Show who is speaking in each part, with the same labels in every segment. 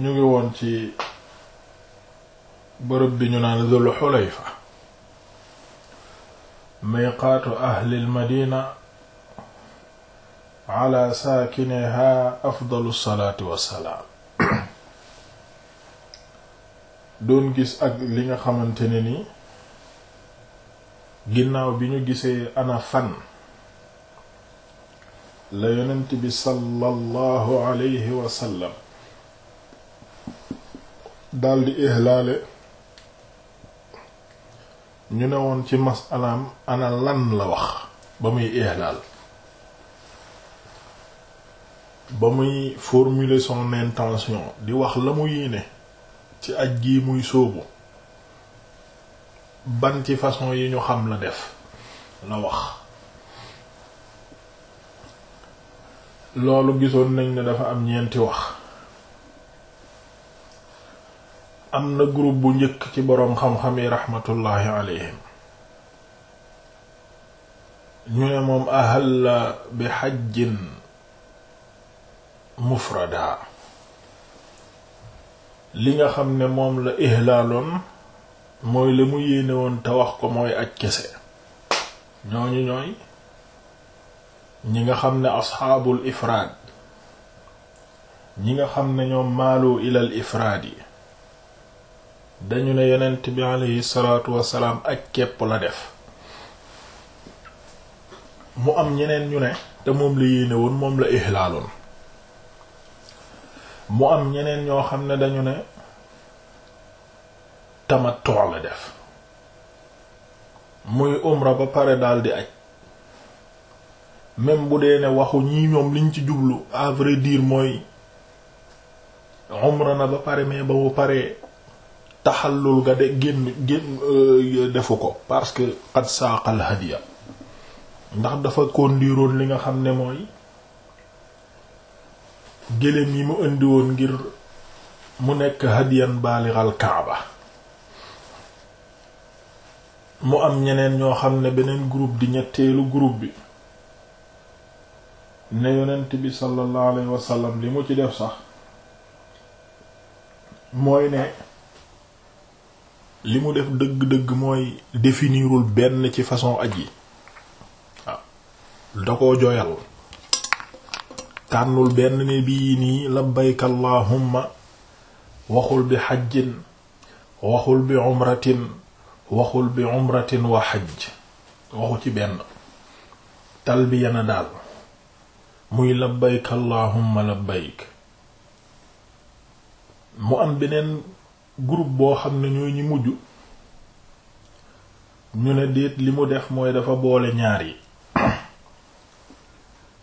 Speaker 1: ñu ngi woon ci bërëb bi ñu naan Dhul Hulayfa miiqaatu ahlil madina ala saakiniha afdalu salaatu wassalaam doon gis ak li nga xamante ne ni ginnaaw bi ñu gisee ana fan la yonent bi sallallahu alayhi wa sallam daldi ihlaale ñu ne woon ci masalaam ana lan la wax ba muy ihlaal ba muy formuler son intention di wax la mu yéene ci aj gi muy sóobu ban ci façon yi ñu xam la def la wax loolu gisoon nañ ne dafa am ñeenti wax am na groupe bu njëkk ci boroom xam-xam yi raxmatullaahi alayhim ñu ne moom ahalla bi xajjin mufrada li nga xam ne moom la ihlaaloon mooy la mu yéene woon te wax ko mooy aj kese ñooñu ñooy ñi nga xam ne asxaabul ifraad ñi nga xam ne ñoom maalu ilal ifraad yi dañu ne yonent bi aleyhi salaatu wasalaam ak képp la def mu am ñeneen ñu ne te moom la yéene moom la ihlaaloon mu am ñeneen ñoo xam ne dañu ne tamattu la def muy umra ba pare daldi aj même bu dee ne waxu ñii ñoom liñ ci jublu à vrai mooy umra na ba pare mais ba mu paree taxallul ga de génn génn euh, defu ko parce que qad saaqal hadiya ndax dafa kondiroon li nga xam ne mooy gëléem yi mu indi woon ngir mu nekk hadiyan baalighal kaaba mu am ñeneen ñoo xam ne beneen groupe di ñetteelu groupe bi ne yonent bi sallallahu alayhi li mu ci def sax mooy ne li mu def dëgg-dëgg mooy définirul benn ci façon aj yi waaw da koo jooyal tànnul benn ne bii nii labbayka waxul bi xajjin waxul bi umratin waxul bi umratin wa xajj waxu ci benn talbiya na daal muy labbayk allahumma mu am beneen groupe boo xam ne ñooy ñi mujj ñu ne déet li mu def mooy dafa boole ñaar yi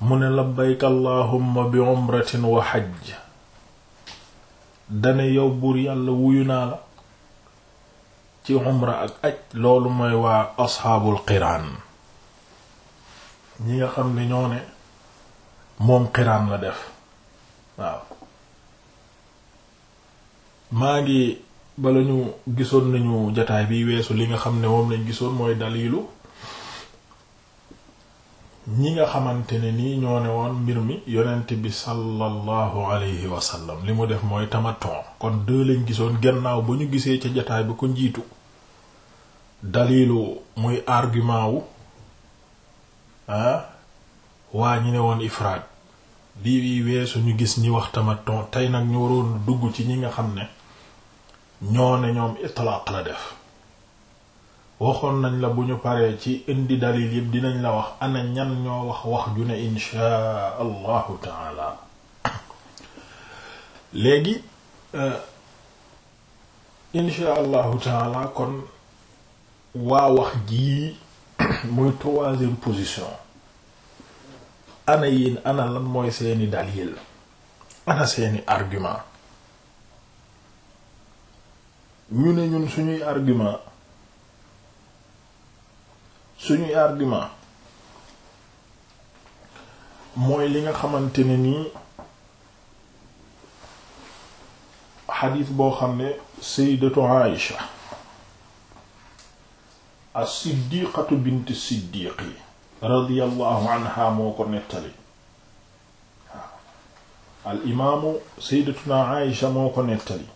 Speaker 1: mu ne labbayka allahumma bi umratin wa dane yow buur yàlla wuyu naa la ci umra ak aj loolu mooy waa asxaabul qiraan ñi nga xam ne ñoo ne moom qiraan la def waaw maa ngi bala ñu gisoon nañu jataay bi weesu li nga xam ne moom lañ gisoon mooy dalilu ñi nga xamante ne nii ñoo ne woon mbir mi yonent bi sallallahu alayhi wa sallam li mu def mooy tamaton kon deux lañ gisoon gennaaw ba ñu gisee ca jataay bi ko njiitu dalilu muy argument wu ah waa ñi ne woon ifraad bii weesu ñu gis ñi wax tamaton tey nag ñu waroon dugg ci ñi nga xam ne ñoo ne ñoom itlaaq la def waxoon nañ la bu ñu paree ci indi dalil yëpp dinañ la wax ana ñan ñoo wax wax ju ne inshaa allahu taala léegi euh, inshaa allahu taala kon waa wax jii muy troisième position ana yéen ana lan mooy seeni dalil ana seeni argument ñu ne ñun suñuy argument suñuy argument mooy li nga xamante ne nii xadiis boo xam ne sayyidatu Aïsha as-siddiqatu bint siddiqi radiyallahu anha moo ko nettali al imaamu sayyidatuna Aïsha moo ko nettali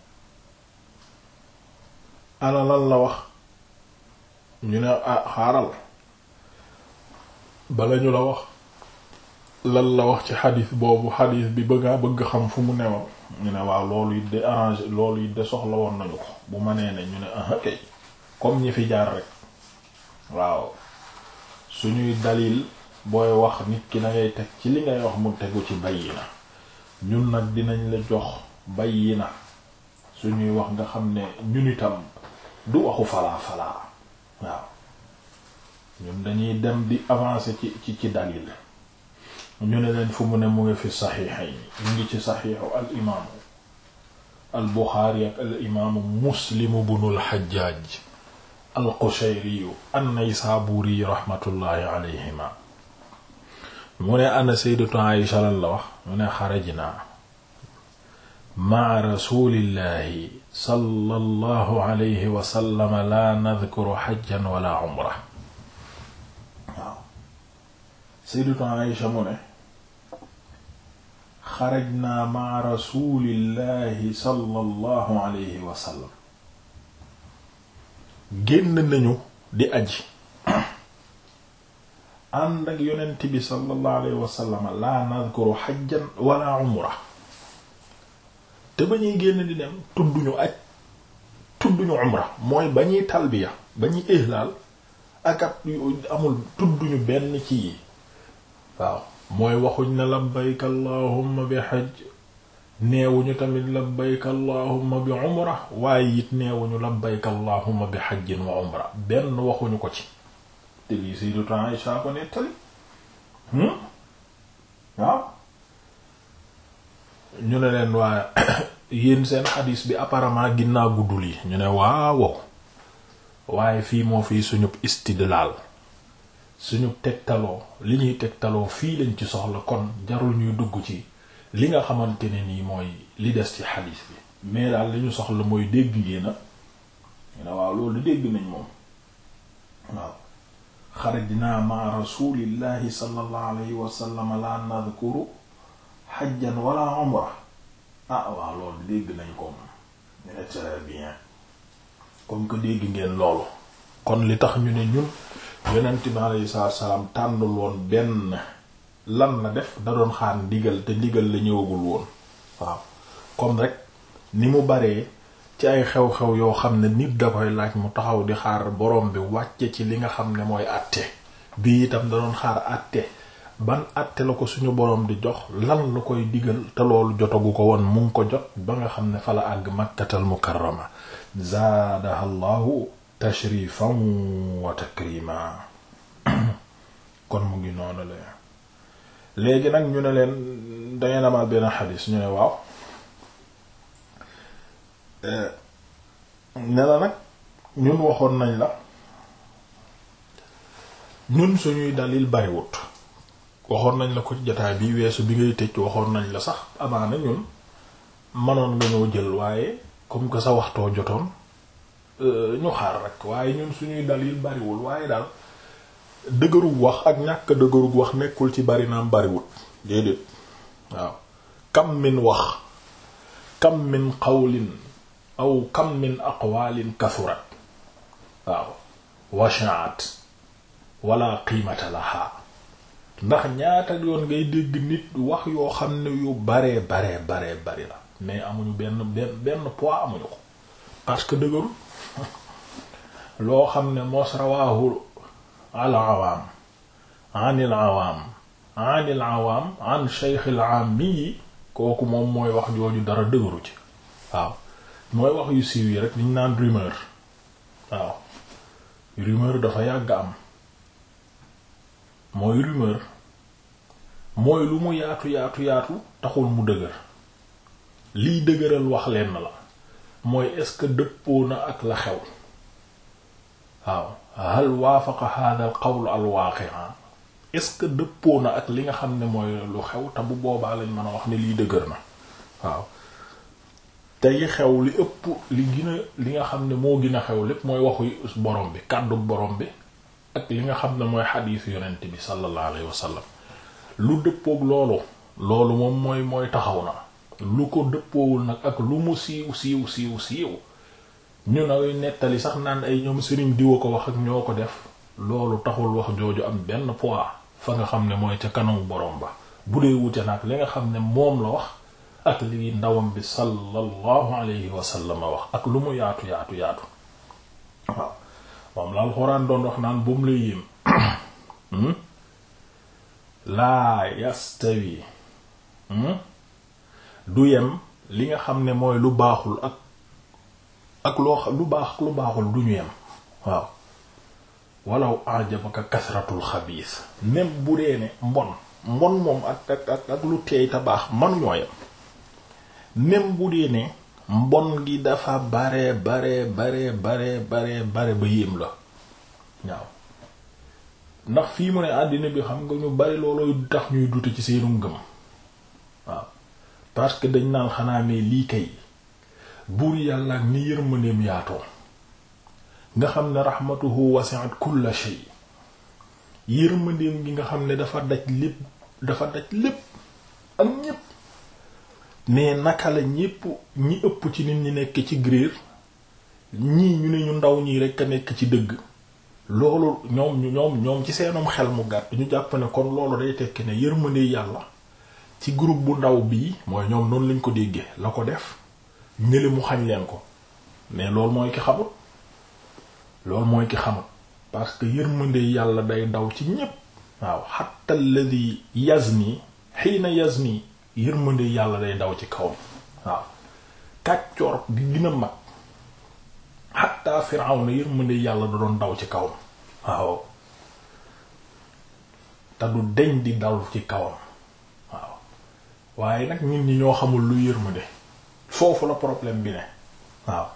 Speaker 1: ana lan la wax ñu ne ah xaaral bala ñu la wax lan la wax ci xadis boobu xadis bi bëggaa bëgg xam fu mu newal ñu ne waaw loolu it de arrangé loolu it de soxla woon nañu ko bu ma nee ne ñu ne ah kay comme ñi fi jaar rek waaw suñuy dalil booy wax nit ki da teg ci li ngay wax mu tegu ci bayyina ñun nag dinañ la jox na su ñuy wax nga xam ne ñun itam du waxu falaa falaa waaw ñun dañuy dem di avancé ci ci ci dalil ñu ne leen fu mu ne mu ngi fi saxiixayni mu ngi ci saxiixu al imaamu ak al muslimu bunul xajjaaj al qushayriyu an naysaburi mu ne ana sayyidatu Aisha lan la wax mu ne xarajnaa ma rasulillahi sallallahu alayhi wa sallam la nadhkuru hajjan wala umra waaw sayyidatu Aisha mu ne xarajnaa ma rasulillahi sallallahu alayhi wa sallam génn nañu di aji ànd ak yonent bi sallallahu alayhi wa sallam la nadhkuru hajjan wala umra te ba ñuy génn di tudduñu ak tudduñu umra mooy ba ñuy talbiya ba ñuy ihlaal ak at amul tudduñu benn ci yi waaw mooy waxuñ na labbayk allahumma bi hajj neewuñu tamit labbayk allahumma bi umra waaye it neewuñu labbayk allahumma bi hajjin wa umra benn waxuñu ko ci te lii Sayyidatu Aisha ko hmm? waaw ñu ne leen waa yéen seen xadis bi apparemment ginnaaw guddul yi ñu ne waawow waaye fii moo fii suñu istidlaal suñu tegtaloo li ñuy tegtaloo fii lañ ci soxla kon jarul ñuy dugg ci li nga xamante ne nii mooy li des ci xadis bi mais daal li ñu soxla mooy dégg ngéena ñu ne waaw loolu dégg nañ moom waaw xarajna ma rasulillahi sallallahu alayhi wa sallam la nadhkuru xajjan wala umra ah waaw loolu dégg nañ ko moom très bien ngeen loolu kon li tax ñu ne ñun yonent bi aleyhi salaam tànnul woon benn lan la def da doon xaar ndigal te ndigal la ñëwagul woon waaw comme rek ni mu baree ci ay xew-xew yoo xam ne nit da koy laaj mu taxaw di xaar borom bi wàcce ci li nga xam ne mooy àtte bii itam da doon xaar àtte ban àtte la ko suñu boroom di jox lan lu koy digal te loolu jotagu ko woon mu ngi ko jot ba nga xam ne fala àgg makkatal mukarrama zaadaha llahu tashrifan wa takrima kon mu ngi noonu la léegi nag ñu ne leen dangeen amal benn xadis ñu ne waaw eh, ne nag ñun waxoon nañ la ñun suñuy dalil bariwut waxoon nañ la ko jotaay bi weesu bi ngay tëj waxoon nañ la sax amaana ñun manoon nga ñoo jël waaye comme que sa waxtoo jotoon euh, ñu xaar rek waaye ñun suñuy yi bariwul waaye daal dëgërug wax ak ñàkk dëgërug wax nekkul ci bari naam bariwul déedéet waaw kam min wax kam min qawlin aw kam min aqwalin kasurat waaw washaat wala qiimata laha ndax ñaata yoon ngay dégg nit wax yoo xam ne yu baree baree baree bari la mais amuñu benn benn benn poids amuñu ko parce que dëgëru loo xam ne mos rawaahu al awaam anil awaam anil awaam an shaykhil aam yi kooku moom mooy wax jooju dara dëgëru ci waaw mooy wax yu siiw yi rek liñ naan rumeur waaw rumeur dafa yàgg am mooy rumeur mooy lu mu yaatu yaatu yaatu taxul mu dëgër lii dëgëral wax lenn la mooy est-ce que dëppoo na ak la xew waaw hal waafaqa hadha al qawl al waqi'a est-ce que dëppoo na ak li nga xam ne mooy lu xew te bu boobaa lañ mën a wax ne lii dëgër na waaw tey xew li ëpp li gën li nga xam ne moo gina xew lépp mooy waxu borom bi kàddu borom bi ak li nga xam ne mooy xadiisu yonent bi sallallahu alayhi wasallam lu dëppoog loolu loolu moom mooy mooy taxaw na lu ko dëppoowul nag ak lu mu siiw siiw siiw siiw ñu nawe nettali sax naan ay ñoom sëriñ diwa ko wax ak ñoo ko def loolu taxul wax jooju am benn poids fa nga xam ne mooy ca kanamu borom ba bu dee wute nag li nga xam ne moom la wax ak li ndawam bi sallallahu alayhi wa sallam wax ak lu mu yaatu yaatu yaatu waaw moom la alxuraan doon wax naan buum la yéem hmm? laa yastawi hmm? du yem li nga xam ne mooy lu baaxul ak ak loo xam lu baax lu baaxul du ñu yem waaw walaw ajabaka kasratul xabiis même bu dee ne mbon mbon moom ak ak ak lu teey te baax manu ñoo yem même bu dee ne mbon gi dafa bare bare bare bare bare ba yéem la waaw ndax fii mu ne àddina bi xam nga ñu bari loolooy tax ñuy dute ci seenum gëm waaw parce que dañ naan xanaa ne lii kay buur yàlla ak ni yërmandeem yaatoo nga xam ne rahmatuhu wasi'at kulla shay yërmandeem gi nga xam ne dafa daj lépp dafa daj lépp ak ñépp mais naka la ñépp ñi ëpp ci nit ñi nekk ci griir ñii ñu ne ñu ndaw ñii rek a nekk ci dëgg loolu ñoom ñoom ñoom ci seenum xel mu gàtt ñu jàpp ne kon loolu day tekki ne yërmande yàlla ci groupe bu ndaw bii mooy ñoom noonu lañ ko déggee la ko def ñële mu xañ leen ko mais loolu mooy ki xamul loolu mooy ki xamul parce que yërmande yàlla day ndaw ci ñépp waaw hatta alladhi na hina nii yërmande yàlla day daw ci kawam waaw kàccoor di gën a mag xatta Firawna yërmande yàlla da doon daw ci kawam waaw te du deñ di dal ci kawam waaw waaye nag nit ñi ñoo xamul lu yërmande foofu la problème bi ne waaw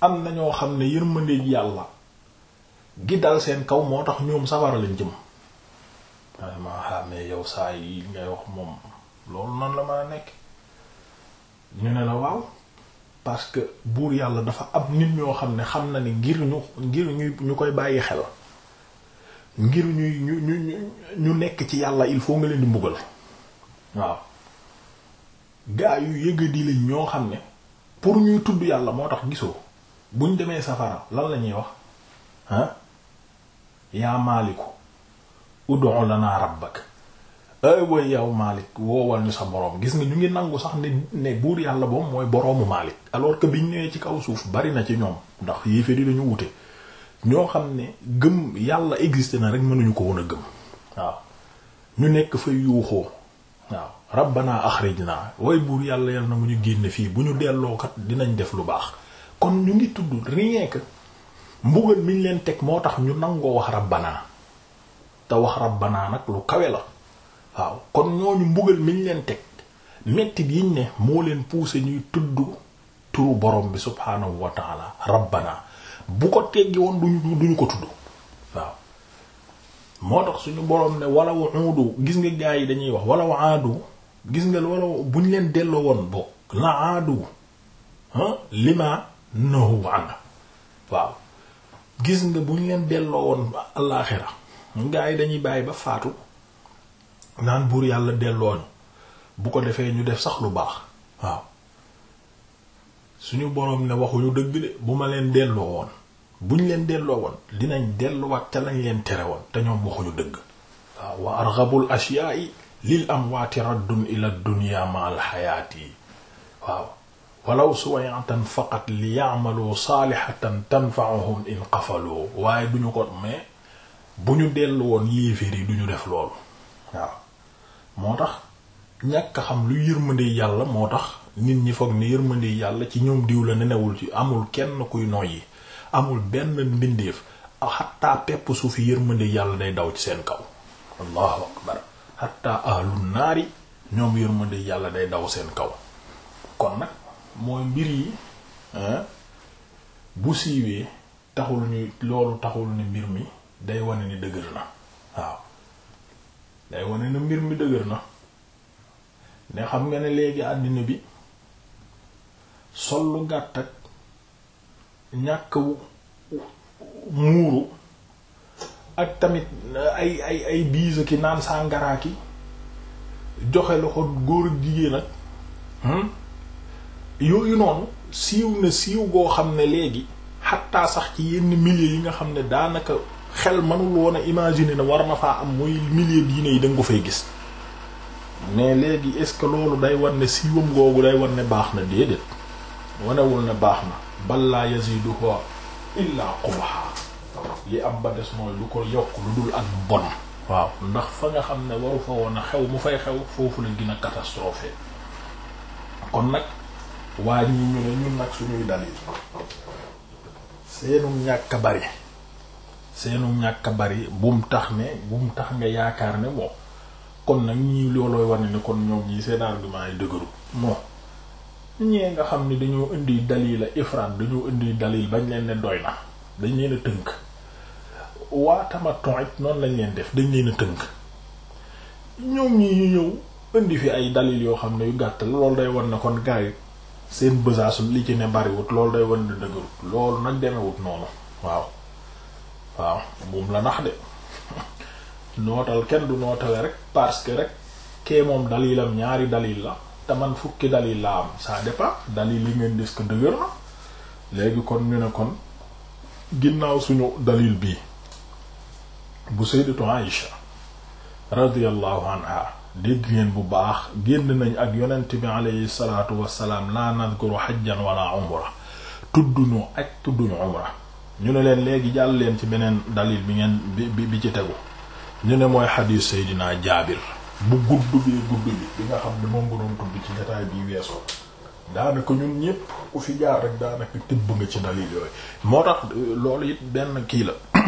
Speaker 1: am na ñoo xam ne yërmande yàlla gi dal seen kaw moo tax ñoom safara lañ jëm waaye ma xam ne saa yi ngay wax moom loolu noonu la mën a nekk ñu ne la waaw parce que buur yàlla dafa ab nit ñoo xam ne xam na ne ngir ñu ngir ñu ñu koy bàyyi xel ngir ñuy ñu nekk ci yàlla il faut nga leen di mbugal waaw gaa yu yëga di ñoo xam ne pour ñuy tudd yàlla moo tax gisoo buñ demee safara lan la ñuy wax ah yaa maaliku ud'u lana rabbak ay eh, way yow Malik woowal ñu sa borom gis nga ñu ngi nangu sax ne ne buur yàlla boom mooy boroomu Malik alors que biñ newee ci kaw suuf bari na ci ñoom ndax yéeféer yi dañu wute ñoo xam ne gëm yàlla existé na rek mënuñu ko woon a gëm waaw ñu nekk fa yuuxoo waaw rabbana axrijna way buur yàlla yal na mu ñu génne fii bu ñu delloo kat dinañ def lu baax kon ñu ngi tudd rien que mbugal miñ leen teg moo tax ñu nangoo wax rabbana te wax rabbana nag lu kawe la waaw kon ñooñu mbugal miñ leen teg mettit yiñ ne moo leen poussé ñuy tudd turu borom bi subhaanahu rabbana bu ko teggi woon duñu duñu ko tudd waaw moo tax suñu borom ne wala wuudu gis nga gaa yi dañuy wax wala waadu gis nga wala buñ leen delloo woon bo la aadu lima nahu nga buñ leen delloo gaa yi dañuy bàyyi ba faatu naan buur yàlla dellooñu bu ko defee ñu def sax lu baax waaw suñu boroom ne waxuñu dëgg de bu ma leen delloo woon buñ leen delloo woon dinañ delluwaat ca lañ leen tere woon te ñoom waxuñu dëgg waaw wa arghabul yi lil amwaati raddun ila dunya ma al waaw walaw suwayatan faqat li ya'malu saalihatan tanfa'uhum in waaye duñu ko mais bu ñu dellu woon yéeféer yi duñu def loolu waaw moo tax ñàkk xam lu yërmande yàlla moo tax nit ñi foog ne yërmande yàlla ci ñoom diw la ne newul ci amul kenn kuy noyyi amul benn mbindeef xatta pepp su fi yërmande yàlla day daw ci seen kaw naari ñoom yërmande yàlla day daw seen kaw kon nag mooy mbir yi bu siiwee taxul ñu loolu taxul ni mbir mi day wane ni dëgër na waaw day wane na mbir mi dëgër na ne xam nga ne léegi àddina bi sol lu gàtt ak ñàkk muuru ak tamit ay ay ay biise ki naan sàngara ki joxe loxo góor ak jigéen ak hmm? yooyu noonu siiw na siiw goo xam ne léegi xattaa sax ci yenn milieu yi nga xam ne daanaka xel manul woon a na war na faa am mooy milieu diine yi da nga ko fay gis mais léegi est-ce que loolu day wan ne siiwam googu day wan ne baax na déedéet wanewul ne baax na bal laa yaziduha illaa qubaha li am ba des mooy lu ko yokk lu dul ak bon waaw ndax fa nga xam ne waru fa woon a xew mu fay xew foofu la gën a catastrophe kon nag waa ñi ñu ne ñun nag suñuy dalil seenum ñàkk bari seenu ñàkk a bari bum tax ne bum tax nga yaakaar ne moom kon nag ñi loolooy wane ne kon ñoom ñii seen argument yi dëgëru non ñee nga xam ne dañoo indi dalil la ifrad dañoo indi dalil bañ leen ne doy na dañ a tënk waa tamattu it lañ leen def dañ leen a tënk ñoom ñii ñu ñëw indi fi ay dalil yoo xam ne yu gàtt la loolu day wan ne kon gars yi seen bësaasu li ci ne bariwut loolu day wan ne dëgërut loolu nag demewut noonu waaw waaw buum la nax de nootal kenn du nootale rek parce que rek kee moom dalilam ñaari dalil la te man fukki dalil la am ça dépend dalil yi ngeen dis ko dëgër na léegi kon ñu ne kon ginnaaw suñu dalil bi bu sayyidatu Aïsha radiyallahu anha dégg ngeen bu baax génn nañ ak yonent bi alayhi salaatu wassalaam la nadhkuru hajjan wala umra tudduñu ak tudduñu umra ñu ne leen léegi jàll leen ci beneen dalil bi ngeen bi bi ci tegu ñu ne mooy xadiis Seydina Jaabir bu gudd bi gudd bi bi nga xam ne moom nga doon ci jotaay bi weesoo daanaka ñun ñépp ku fi jaar rek daanaka tibb nga ci dalil yooyu moo tax loolu it benn kii la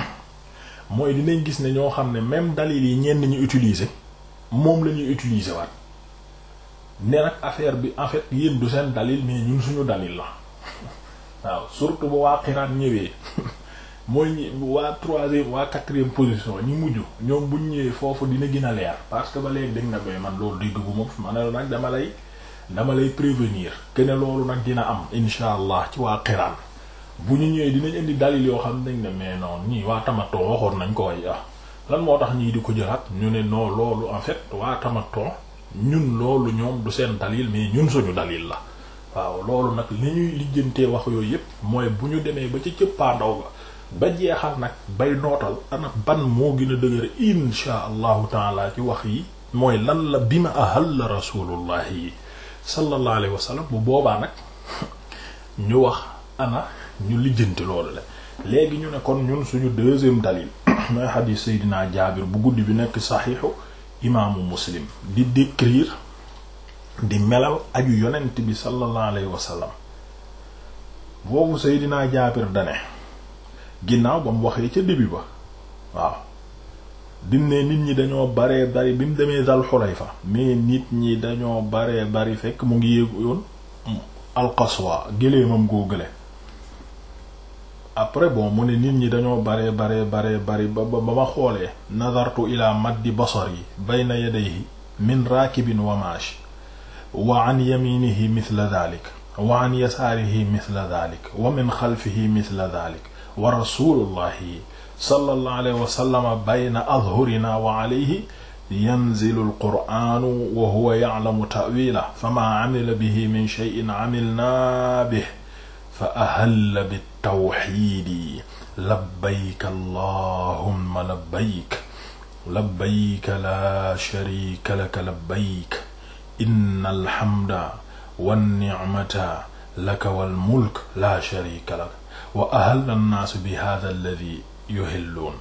Speaker 1: mooy dinañ gis ne ñoo xam ne même dalil yi ñenn ñu utilise moom lañuy utilise utiliser waat ne nag affaire bi en fait yéen du seen dalil mais ñun suñu dalil la waaw surtout ba waa xiraan ñëwee mooy ñi waa troisième waa quatrième position ñi mujj ñoom buñ ñëwee foofu dina gën leer parce que ba léegi dégg na koy man loolu dégg bu ma ma ne nag dama lay dama lay prévenir que ne loolu nag dina am insha allah ci waa xiraan bu ñu ñëwee dinañ indi dalil yoo xam nañ na mais non nii waa tamatoo waxoon nañ ko way ah, lan moo tax ñii di ko jëlaat ñu ne non loolu en fait waa tamatoo ñun loolu ñoom du seen dalil mais ñun suñu dalil la waaw loolu nag li ñuy lijjantee wax yooyu yépp mooy bu ñu demee ba ci cëppaandaw ga ba jeexal nag bay nootal ana ban moo gën a dëgër insha allahu taala ci wax yi mooy lan la bi ma ahal la rasulullahi yi sallallahu alayhi wa sallam bu boobaa nag ñu wax ana ñu lijjanti loolu la léegi ñu ne kon ñun suñu deuxième dalil mooy xadiis seydinaa jaabir bu guddi bi nekk saxiixu imaamu muslim di décrire di melal aju yonent bi sallallahu alayhi wa sallam boobu Seydina Jaabir dane ginnaaw ba mu waxee ca début ba waaw dim nit ñi dañoo baree bari bi mu demee Dal fa mais nit ñi dañoo baree bari fekk mu ngi yéegu yoon alqaswa géléemam goo gële après bon mu ne nit ñi dañoo baree baree bari ba ba ma xoolee nadartu ila maddi basari bayna yadayhi min raakibin wa maashi wa an yaminihi mithla dhalik wa an yasaarihi mithla dhalik wa min xalfihi mithla dhalik wa rasulullahi sallallahu alayhi wa sallam bayna adhurina wa alayhi yanzilu alqur'anu wa huwa ya'lamu ta'wilahu fama 'amila bihi min shay'in 'amilna bihi fa ahalla bitawxiidi labbayk allahumma labbayk labbayk laa shariika laka labbayk inna alhamda wannicmata laka walmulk la sharika lak wa ahalla annaasu bi hada alladi yuhilluun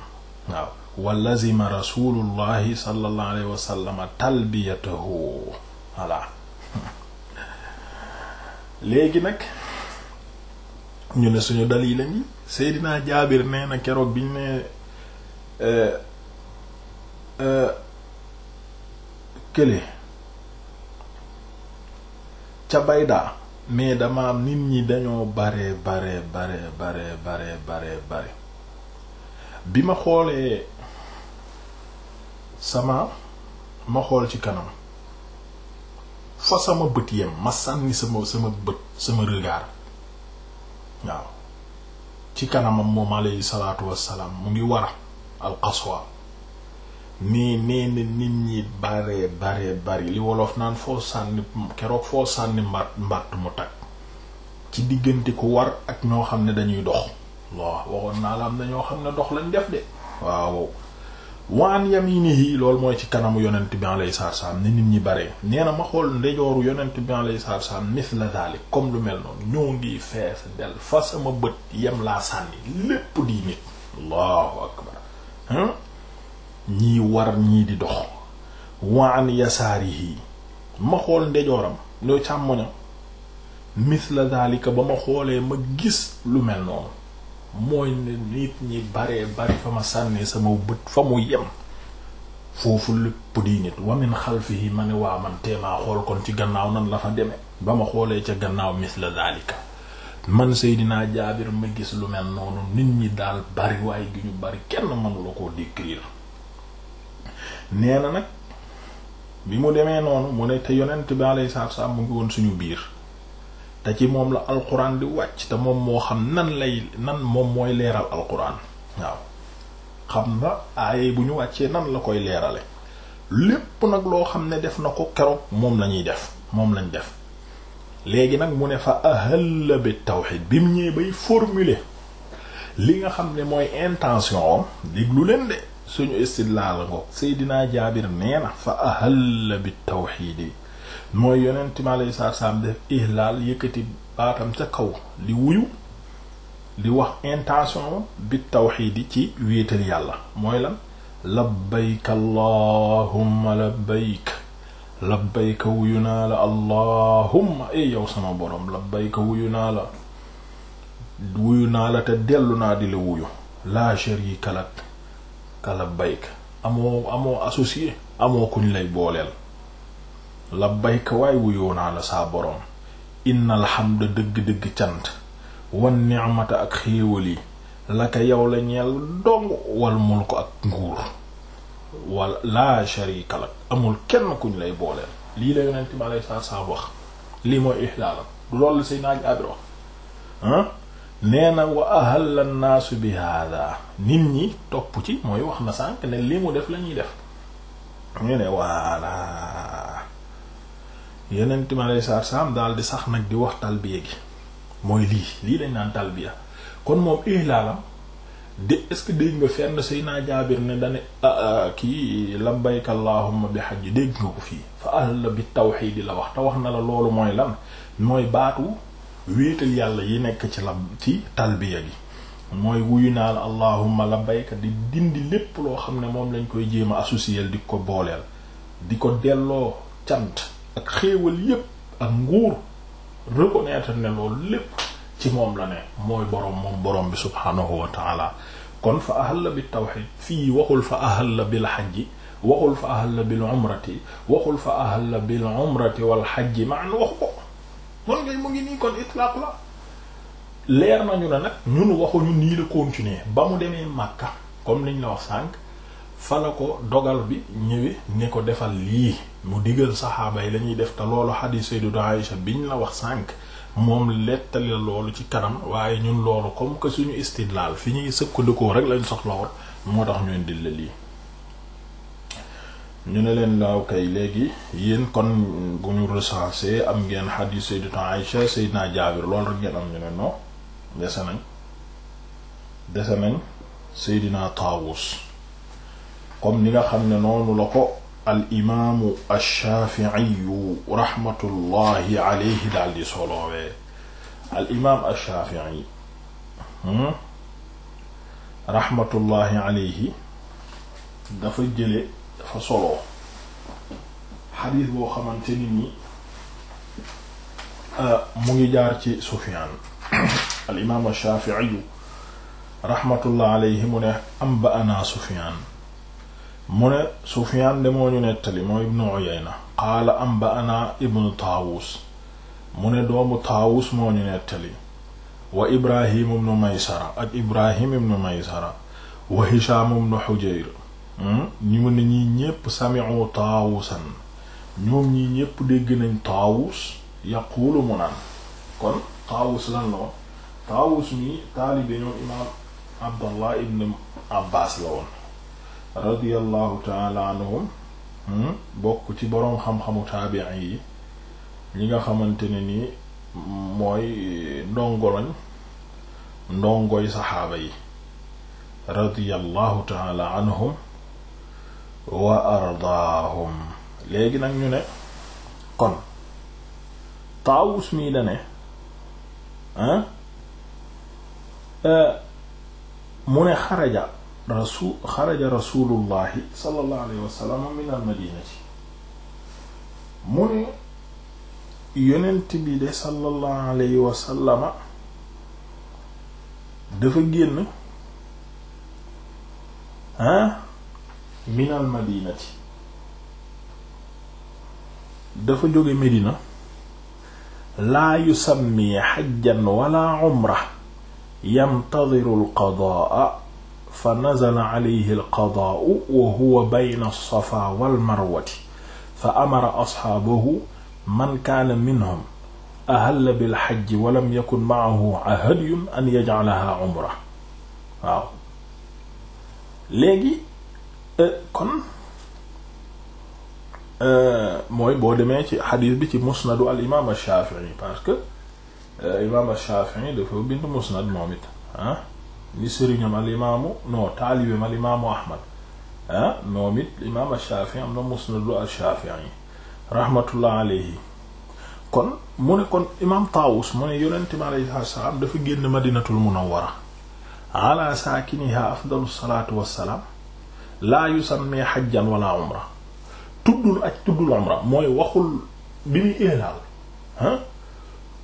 Speaker 1: waaw wa lazima rasulullahi sallallahu alayhi wa sallama talbiyatahu nag ñu ne suñu dalil yi Seydina Jaabir nee na keroog biñ ne euh, euh, kële ca baydaa mais dama am nit ñi dañoo bare bare bare bare bare bare bare bi ma xoolee sama ma xool ci kanam fa sama bët yem ma sànni sama sama bët sama regard waaw ci kanamam moom alayhi salaatu wassalaam mu ngi wara al qaswa mais nee nit ñi bare bare bari li wolof naan foo sànni keroog foo sànni mbatt mbatt mu takk ci diggante ku war ak ñoo xam ne dañuy dox waaw waxoon naa la am na ñoo xam ne dox lañ def de waaw waan yaminihi loolu mooy ci kanamu yonent bi alayhi salaam ne nit ñi bare nee na ma xool ndejooru yonent bi alayhi salaam mithla zalik comme lu mel noonu ñoo ngi fees del fa sama bët yem laa sànni lépp di nit allahu akbar ñii war ñii di dox waan yasaarihi ma xool ndejooram ñoo càmmoñam la daalika ba ma xoolee ma gis lu mel noonu mooy ne nit ñi baree bari fa ma sànnee sama bët fa mu yem foofu lépp di nit wa min xalfihi ma ne waa man teemaa xool kon ci gannaaw nan la fa demee ba ma xoolee ca gannaaw la daalika man Seydina Jaabir ma gis lu mel noonu nit ñi daal bari waaye gi ñu bari kenn mënu la koo décrire nee na nag bi mu demee noonu mu ne te yonent bi alayhi salaatu mu ngi woon suñu biir te ci moom la alquran di wàcc te moom moo xam nan lay nan moom mooy leeral alxuraan waaw xam na aaye bu ñu wàccee nan la koy leerale lépp nag loo xam ne def na ko keroog moom lañuy def moom lañ def léegi nag mu ne fa ahalla bi tawxid bi mu ñëwee bay formuler li nga xam ne mooy intention déglu leen de suñu istidlaal ngoog Seydina Jaabir nee na fa ahalla bi tawxiidi mooy yonent mi alayhi salaatu salaam def ihlaal yëkkati baatam ca kaw di wuyu di wax intention bi tawxiidi ci wéetal yàlla mooy lan labbayk allahumma labbayk labbayka wuyu naa la allahumma e yow sama borom labbayka wuyu naa la wuyu naa la te dellu naa di la wuyu laa sharika lak ka labbayka amoo associé amoo kuñ lay booleel labbayka waay wuyoo naa la saa boroom innal hamda dëgg-dëgg cant wan ni'mata ak xéewal yi laka yow la ñeel dong wal ko ak nguur wal laa sharika lak amul kenn kuñ lay booleel lii la yonent mi alayhi salaatu salaam lii mooy ihlaalam du loolu la Seydina Jaabir wax nee na wa ahalla nnaasu bi hada nit ñi topp ci mooy wax na sànq ne li mu def lañuy def ñu ne waala yeneen mi aleyi saatu salaam daal di sax nag di wax talbiya gi mooy lii lii lañ naan talbiya kon moom ihlaalam de est-ce que dégg nga fenn naa Jaabir ne dane ah, ah, kii labbayka allahumma bi hajj dégg nga ko fii fa ahalla bi tawxiid la wax te wax na la loolu mooy lan mooy baatu wéetal yàlla yi nekk ci lab ci talbiya gi mooy wuyu naa la allahumma labbayka di dindi lépp loo xam ne moom lañ koy jéema a associer di ko booleel di ko delloo cant ak xéewal yépp ak nguur reconnaître ne loolu lépp ci moom la ne mooy boroom moom boroom bi subhaanahu wa taala kon fa ahalla bi tawxid fii waxul fa ahalla bil xajji waxul fa ahalla bil umrati waxul fa ahalla bil umrati wal xajji maan waxu ko kon ngay mu nii kon itlaq la leer nañu ne nag ñun waxuñu nii la continuer ba mu demee Makka comme niñ la wax sànq fa la ko dogal bi ñëwee ne ko defal lii mu digal saxaaba yi la ñuy def te loolu xadiis Sayyidatu Aïsha biñ la wax sànq moom lettali loolu ci kanam waaye ñun loolu comme que suñu istidlaal fi ñuy sëkkandikoo rek lañ soxla woon moo tax ñu indil la lii. ñu ne leen laaw kay léegi yéen kon bu ñu recensé am ngeen xadiis sayyidatu Aïsha sayyidina Jaabir loolu rek ngeen am ñu ne non dese nañ dese nañ sayyidina Taawus ni nga xam ne noonu la ko al imaamu ash-Shaafi'i rahmatullahi alayhi daal di solowee al imaam ash-Shaafi'i hmm, rahmatullahi alayhi dafa jële dafa soloo xadiis boo xamante nit ñi euh, mu ngi jaar ci Sufyaan al imaam Shaafi'i rahmatullah alayhi mu ne anba'anaa Sufyaan mu ne Sufyaan de moo ñu nettali mooy ibnu Uyayna qaala anba'anaa ibnu Taawus mu ne doomu Taawus moo nettali wa Ibrahim ibnu Maysara ak Ibrahim ibnu Maysara wa Hishaam ibnu Hujayr Hmm? ñu mën ne ñi ñépp sami'u taawusan ñoom ñi ñépp dégg nañ taawus yaqulu mu naan kon taawus lan la woon taawus mi taalibe ñoom ibn abbas la woon radiyallahu taala anhum hmm? bokk ci boroom xam-xamu taabi'i yi ñi nga xamante ne nii mooy ndongoloñ ndongoy saxaaba yi radiyallahu taala anhum wa léegi nag ñu ne kon Taawus mii da ne ah euh, mu ne xaraja rasul xaraja rasulullahi sallallahu alayhi wa sallam min al madinati mu ne yonent bi de sallallahu alayhi wa sallama dafa génn ah minal madinati dafa jóge Medina laa yusammi xajjan wala umra yantadiru alqadaa fa nazala alayhi alqadaau wa huwa bayna alsafa walmarwati fa amara asxaabahu man kaana minhum ahalla bilxajji walam yakun maahu hadyun an yajcalaha umra waaw léegi Euh, kon euh, mooy boo demee ci xadiis bi ci musnadu al imaam Shaafi'i parce que euh, imaam Shaafi'i dafa bind musnad moom ah, ni sëriñam al imaamu non taalibeem al imaamu Ahmad ah moom it imaam Shaafi'i am na musnadu al Shaafi'i rahmatullah alayhi kon mu ne kon imaam Taawus mu ne yonent mi alayhi salaam dafa génn madinatul munawwara ala saakiniha afdalu salaatu wassalaam laa yusammi xajjan wala umra tuddul aj tuddul umra mooy waxul bi muy ihlaal ah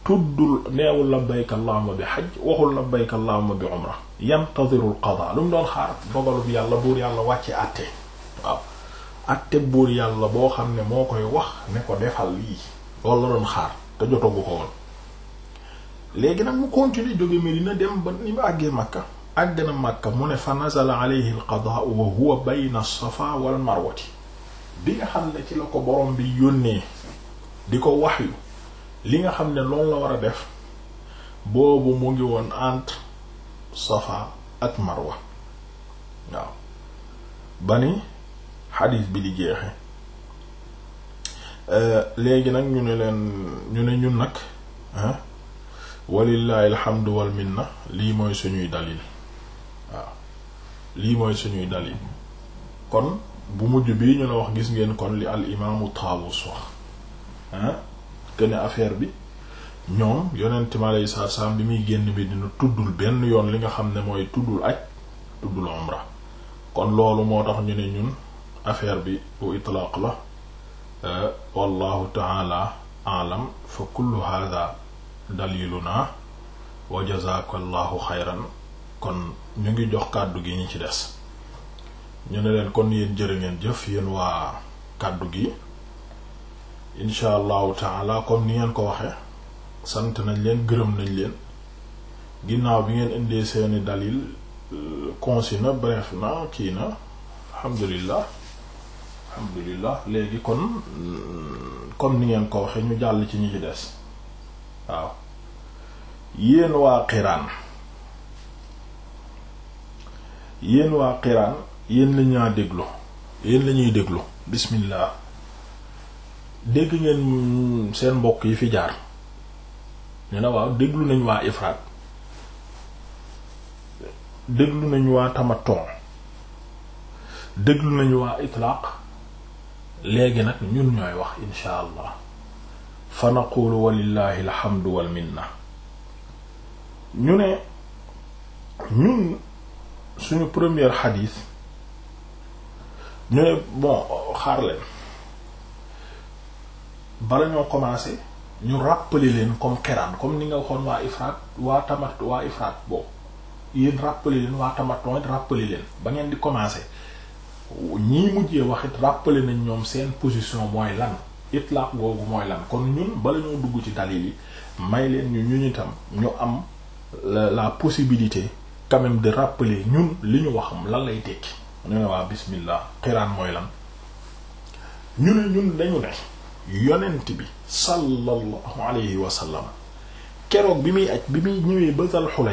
Speaker 1: tuddul neewul labbayka bi xaj waxul labbayka allahumma bi umra yantadiru alqada lu mu doon xaar dogalub yàlla buur yàlla wàcce àtte waaw àtte buur yàlla boo xam ne moo koy wax ne ko defal lii loolu la doon xaar te jotogu ko woon léegi nag mu continuer jóge Medina dem ba ni mu àggee Makka àgg na Makka mu ne fa nazala alayhi alqadaa wa huwa bayna safa wal marwati bi nga xam ne ci la ko borom bi yónnee di ko waxyu li nga xam ne loolu la war a def boobu mu ngi woon entre safa ak marwa waaw ba ni xadiis bi di jeexe euh, léegi nag ñu ne leen ñu ne ñun nag ah alhamdu wal lii mooy suñuy dalil lii mooy suñuy dalil kon bu mujj bi ñu la wax gis ngeen kon li al imaamu Taawus wax ah ne affaire bi ñoom yonent mi alayhi salaatu bi muy génn bi dina tuddul benn yoon li nga xam ne mooy tuddul aj tuddul umra kon loolu moo tax ñu ne ñun affaire bi bu itlaaq la eh, wallahu taala alam fa kullu hada daliluna wa jazakallahu xayran kon ñu ngi jox kàddu gi ñu ci des ñu ne leen kon yéen jërë ngeen jëf yéen waa kàddu gi incha allahu taala comme ni ngeen ko waxee sant nañ leen gërëm nañ leen ginnaaw bi ngeen indee seeni dalil euh, concis na bref na kii na alhamdulilah alhamdulilah léegi kon euh, comme ni ngeen ko waxee ñu jàll ci ñu ci des waaw yéen waa Qiraan yéen waa Qiraan yéen la ñaa déglu yéen la ñuy déglu bismillah dégg ngeen seen mbokk yi fi jaar ñu ne waaw déglu nañ waa ifraat déglu nañu waa tamattu déglu nañu waa itlaaq léegi nag ñun ñooy wax insha allah fa naqulu walillahi alhamdu wal ñu ne ñun suñu première xadiis ñu bon xaar leen bala ñoo commencer ñu rappeler leen comme xeraan comme ni nga waxoon waa ifraat waa tamat waa ifraat boobu yéen rappeler leen waa tamaton it rappeler leen ba ngeen di commencer ñii mujjee wax it nañ ñoom seen position mooy lan itlaq boobu mooy lan kon ñun bala ñoo dugg ci dalil yi may leen ñu ñu itam ñu am la possibilité quand même de ñun li ñu waxam lan lay tekki ñu ne waa bismillah xiraan mooy lan ñu ne ñun dañu ne yonent bi sallallahu alayhi wa keroog bi muy aj bi muy ñëwee ba Dal fa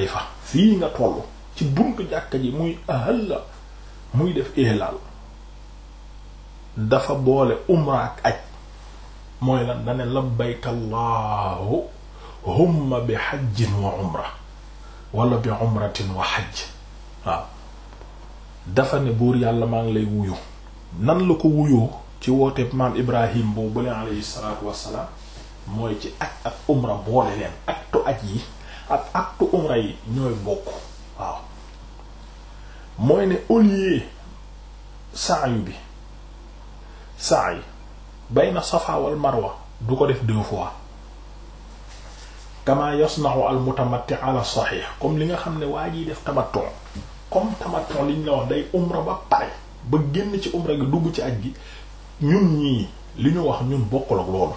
Speaker 1: fii nga toll ci buntu jàkka ji muy ahalla muy def ihlaal dafa boole umra ak aj mooy lan dane labbayk allahumma bi hajjin wa umra wala bi umratin waaw dafa ne buur yàlla maa ngi lay wuyu nan la ko wuyoo ci wooteeb maam ibrahim boobu balee alayhi salaatu wassalaam mooy ci ak ak umra boole leen aktu aj yi ak aktu umra yi ñooy bokk waaw mooy ne au lieu sa'yu bi sa'i bayna safa wal marwa du ko def deux kama yasnahu al mutamatti ala saxiix comme li nga xam ne waa jiy def tamattu comme tamattu liñ la wax day umra ba pare ba génn ci umra gi dugg ci aj gi ñun ñii li ñu wax ñun bokkul ak loolu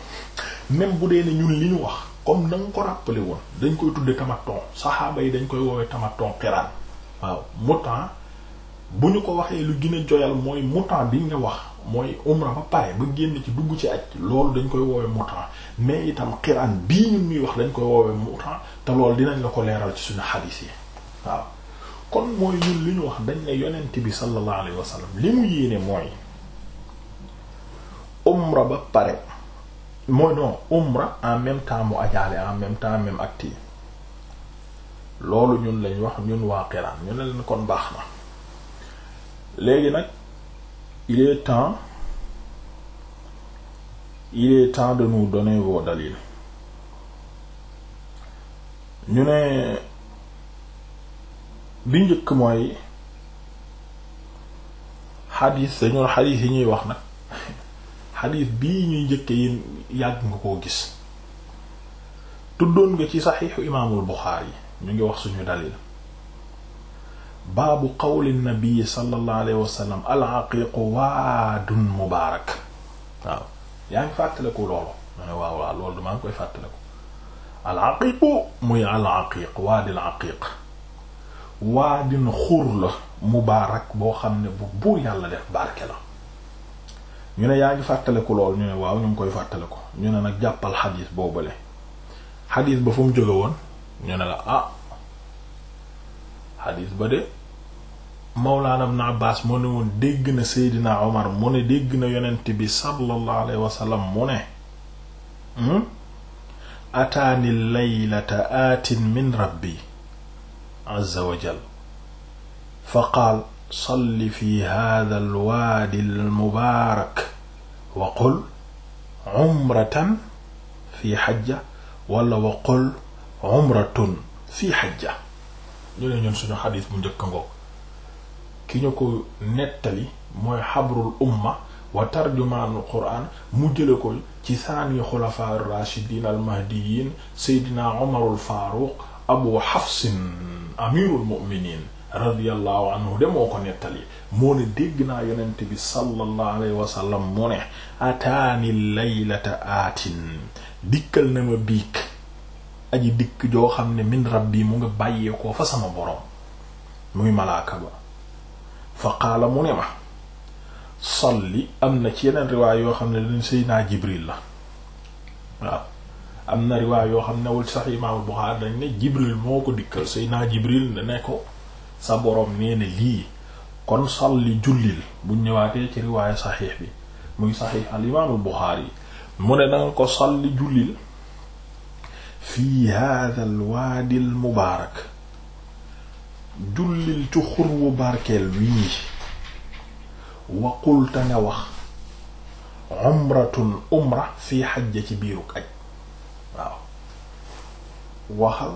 Speaker 1: même bu dee ne ñun li ñu wax comme na nga ko rappelé woon dañ koy tudde tamattu saxaaba yi dañ koy woowee tamattu xiraan waaw mutan bu ñu ko waxee lu gën a joyal mooy mutan bi nga wax mooy umra ba pare ba génn ci dugg ci aj loolu dañ koy woowe muta mais itam xiraan bii ñun ñuy wax dañ koy woowe muta te loolu dinañ la ko leeral ci suñu xadiis yi waaw ñun li ñu wax dañ bi sallallahu alayhi wa sallam li mu mooy umra ba pare mooy non en même temps mu ajaale en même temps même acte yi loolu ñun lañ wax ñun waa xiraan ñu ne leen kon baax na léegi nag il est temps il est temps de nous donner vos dalil ñu ne bi njëkk mooy xadis dañoo xadis yi ñuy wax nag xadis bii ñuy njëkke yi yàgg nga koo gis tuddoon nga ci saxiixu imaamul yi ñu ngi wax suñu dalil baabu qawli nabii sallallahu alayhi wa sallam alaqiqu waadun mubaarak waaw yaa ngi fàttaliku loolu ma ne waaw waaw loolu damaa ngi koy fàttaliku alaqiqu muy alaqiq waadil aqiq waadin xur la mubaarak boo xam ne bu buur yàlla def barke la ñu ne yaa ngi fàttaliku lool ñu ne waaw ñu ngi koy fàttaliku ñu ne nag jàppal xadiis boobale xadiis ba fu mu jóge woon ñu ne la ah xadis ba de Mawlaana Ibn Abbaas mu ne woon dégg na Seydina Omar mu ne dégg na yonent bi sallallahu alayhi wa sallam mu ne hmm? ataani laylata aatin min rabbi azza wa jal fa qaal salli fi hada alwaadi almubaarak wa qul umratan fi xajja wala wa qul umratun fi xajja ñu ne ñun suñu xadis bu njëkk ngoog ki ñu ko nettali mooy xabrul umma wa tarjumaanul quraan mu jële ko ci saani xulafaa rashidin al mahdiyin seydina umarul faaruq abu xafsin amirul mu'minin radiyallahu anhu de moo ko nettali moo ne dégg naa yonent bi sallallahu alayhi mu ne ataani laylata aatin dikkal na ma biig aji dikk joo xam ne min bii mu nga bàyyeekoo fa sama borom muy malaaka ba fa qaala mu ne ma salli am na ci yeneen riwaay yoo xam ne dañ Seydina Jibril la am na riwaay yoo xam ne wul sax Imaam Buxaari dañ ne Jibril moo ko dikkal Seydina Jibril ne ko kon salli jullil bu ñëwaatee ci riwaayu saxiix bi muy saxiix al Imaam yi mu ne danga ko salli jullil fi hada alwaadi almubaarak jullil ci xur wu barkeel wii waqul te nga wax umratun umra fii xajja ci biiruk aj waaw waxal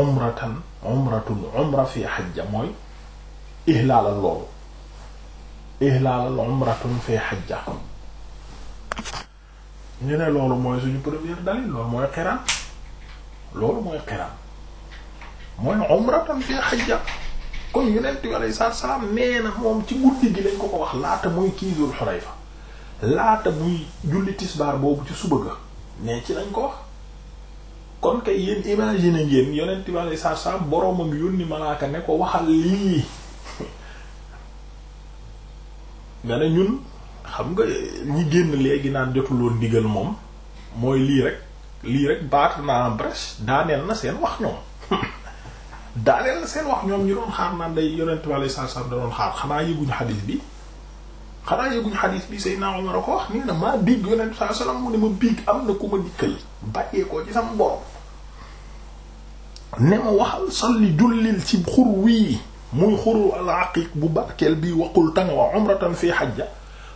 Speaker 1: umratan umratun umra fii xajja mooy ihlaalal loolu ihlaalal umratun fii xajja ñu ne loolu mooy suñu premier dalil loolu mooy xiraan loolu mooy xiraan mooy umratan fi hajja kon yonent bi alayhi salaatu salaam nee na moom ci guddi gi lañ ko ko wax laata muy kii Dul fa laata muy julli tisbaar boobu ci suba ga mais ci lañ ko wax kon kay yéen imaginer ngeen yonent bi alayhi salaatu salaam boroomam yónni malaaka ne ko waxal lii nga ñun xam nga ñi génn léegi naan jotuloon ndigal moom mooy lii rek lii rek battre na daaneel na seen wax ñoom daaneel na seen wax ñoom ñu doon xaar naan day yonent bi alei satu salaam da doon xaar xanaa yëguñu xadiis bi xanaa yëguñu xadiis bi Seydina Umar a ko wax nee na maa biig yonent bi mu ne ma biig am na ku ma dikkal bàyyee ko ci sama borom ne ma waxal salli jullil ci xur wii muy xuru al bu barkeel bi waqul tanga wa umratan fii xajja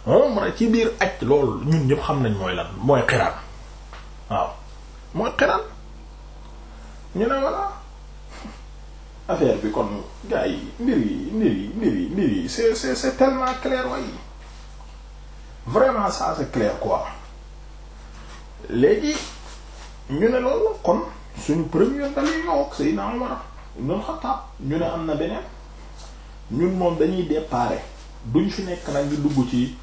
Speaker 1: umra ci biir aj loolu ñun ñëpp xam nañ mooy lan mooy xeran ñu ne voilà affaire bi kon gars yi mbir yi mbir yi mbir yi mbir yi c'est c'est c'est tellement clair waaye vraiment ça c'est clair quoi léegi ñu ne loolu kon suñu premier dañuy yokk Seydina Omar ibn Khattab ñu ne am na beneen ñun moom dañuy déparé duñ fi nekk nag ñu dugg ci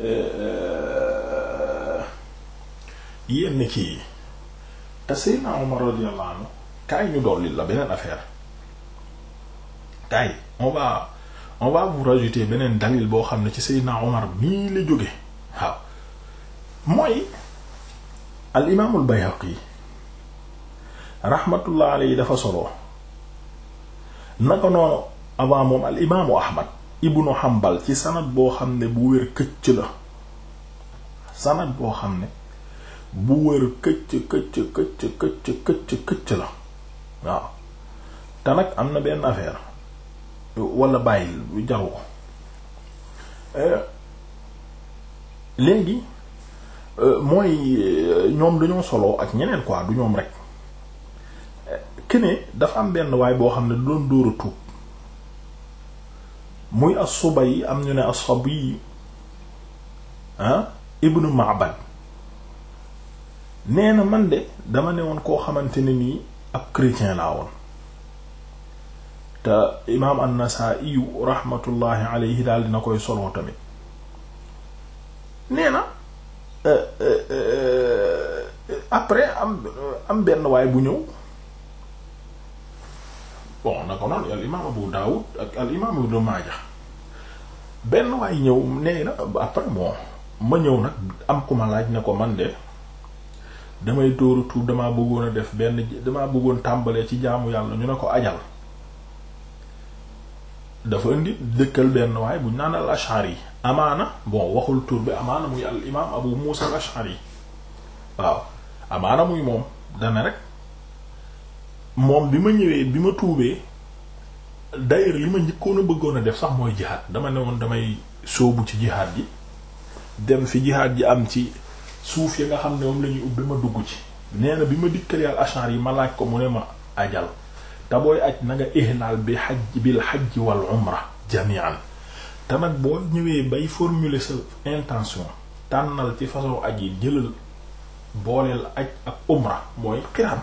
Speaker 1: euh, euh, yenn kii te Seydina Omar radiyallahu kaay ñu dolli la beneen affaire kaay on va on va vous rajouter beneen dalil boo xam ne ci Seydina Omar mii la jóge waaw mooy al imaamul Bayhaqi rahmatullah alayhi dafa solo naka noonu avant moom al imaamu Ahmad ibnu Hanbal ci sanad boo xam ne bu wér këcc la sanad boo xam ne bu wër këcc këcc këcc këcc këcc këcc la waaw te nag am na benn affaire wala bàyyil bu jaru ko euh, léegi euh, mooy euh, ñoom dañoo solo ak ñeneen quoi du ñoom rek kene dafa am benn waay boo xam ne du doon dóor tuub muy as-Subay am ñu ne as-Sabi ah ibnu Ma'bad nee na man de dama ne woon koo xamante ne nii ak chrétien laa woon te imaam an-Nasaa'i rahmatullahi alayhi daal dina koy soloo tamit nee na euh, euh, après am am benn waay bu ñëw bon naka noonu al Abu Daawud ak al imaam Ibnu Maaja benn waay ñëw nee na après bon ma ñëw nag am ku laaj ne ko man de damay tóoru tuub damaa bëggoon a def benn damaa bëggoon tàmbalee ci jaamu yàlla ñu ne ko ajal dafa indi dëkkal benn waay bu naan al ashari amaana bon waxul tur bi amaana muy al abu muusa al ashari waaw amaana muy moom dana rek moom bi ma ñëwee bi ma tuubee d'ailleurs li ma njëkkoon bëggoon a def sax mooy jihaad dama ne woon damay sóobu ci jihaad ji dem fi jihaad ji am ci suuf yi nga xam ne moom la ñuy ubbi ma dugg ci nee bi ma dikkal al yi ma laaj ko mu ne ma ajal te booy aj na nga ihlaal bi hajj bil hajj wal umra jami'an te nag boo ñëwee bay formuler sa intention tànnal ci façon aj yi jëlal booleel aj ak umra mooy xiraan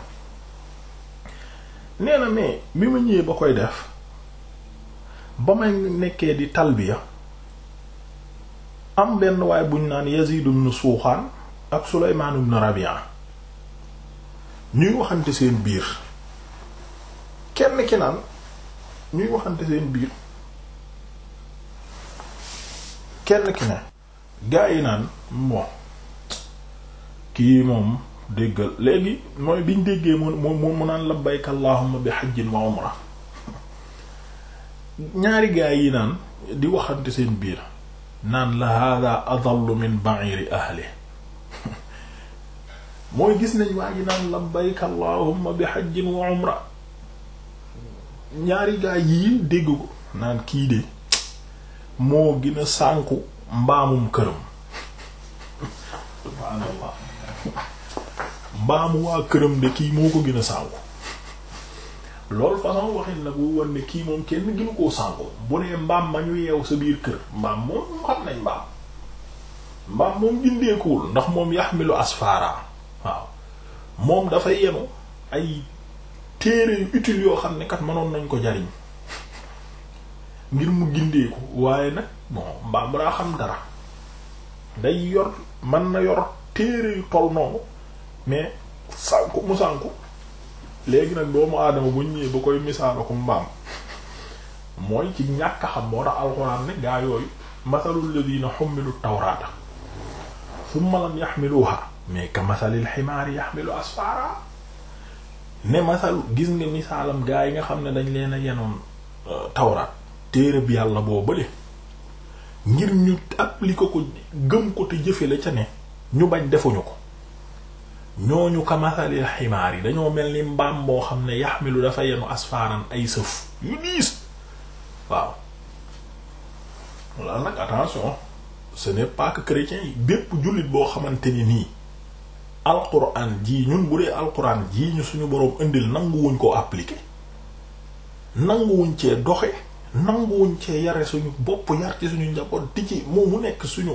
Speaker 1: nee na mais bi ma ñëwee ba koy def ba may nekkee di talbiya am benn waaye buñ naan Yazid ibn suuxaan ak Sulaymaan ibn Rabi'a ñuy waxante seen biir kenn ki naan ñuy waxante seen biir kenn ki ne gaa yi naan bon kii moom déggal léegi mooy biñ déggee mu mu mu naan labbayka allahumma bi hajjin wa umra ñaari gaa yi naan di waxante seen biir naan la hada adallu min ba'iri ahli mooy gis nañ waa ji naan labbayk allahumma bi hajjin wa umra ñaari gaa yii dégg ko naan kii de moo gën a sànku mbaamum këram subhaanallah mbaamu waa këram de kii moo ko gën a sànku loolu façon waxin la bu wan ne mbaam ma ñu yeew sa biir kër mbaam moom xam nañ mbaam mbaam moom gindeekuwul ndax moom yaxmilu asfaara moom dafa yenu ay téere yu utile yoo xam ne kat mënoon nañ ko jariñ ngir mu gindeeku waaye nag bon mbaam daa xam dara day yor man na yor téere yu toll noonu mais sànku mu sànku léegi nag doomu aadama bu ñëwee ba koy misaala ko mbaam mooy ci ñàkk xam moo tax alxuraan ne gaa yooyu masalul ladina xummilu tawraata summa lam yaxmiluha mais ka masalil ximaari yaxmilu asfara ne masal gis nga misaalam gaa yi nga xam ne dañ leen a yenoon euh, tawraat téere bi yàlla boo bële ngir ñu appliquer ko gëm ko te jëfe la ca ne ñu bañ defuñu ko ñooñu ka ximaar yi dañoo mel ni mbaam boo xam ne yaxmilu dafa yenu asfaaran ay sëf yu diis waaw loolu nag attention ce n'est pas que yi bépp jullit boo xamante ni nii alquran jii ñun bu dee alquran jii ñu suñu boroom indil wuñ koo appliquer nanguwuñ cee doxe wuñ cee yare suñu bopp yar ci suñu njaboot di ci moo mu nekk suñu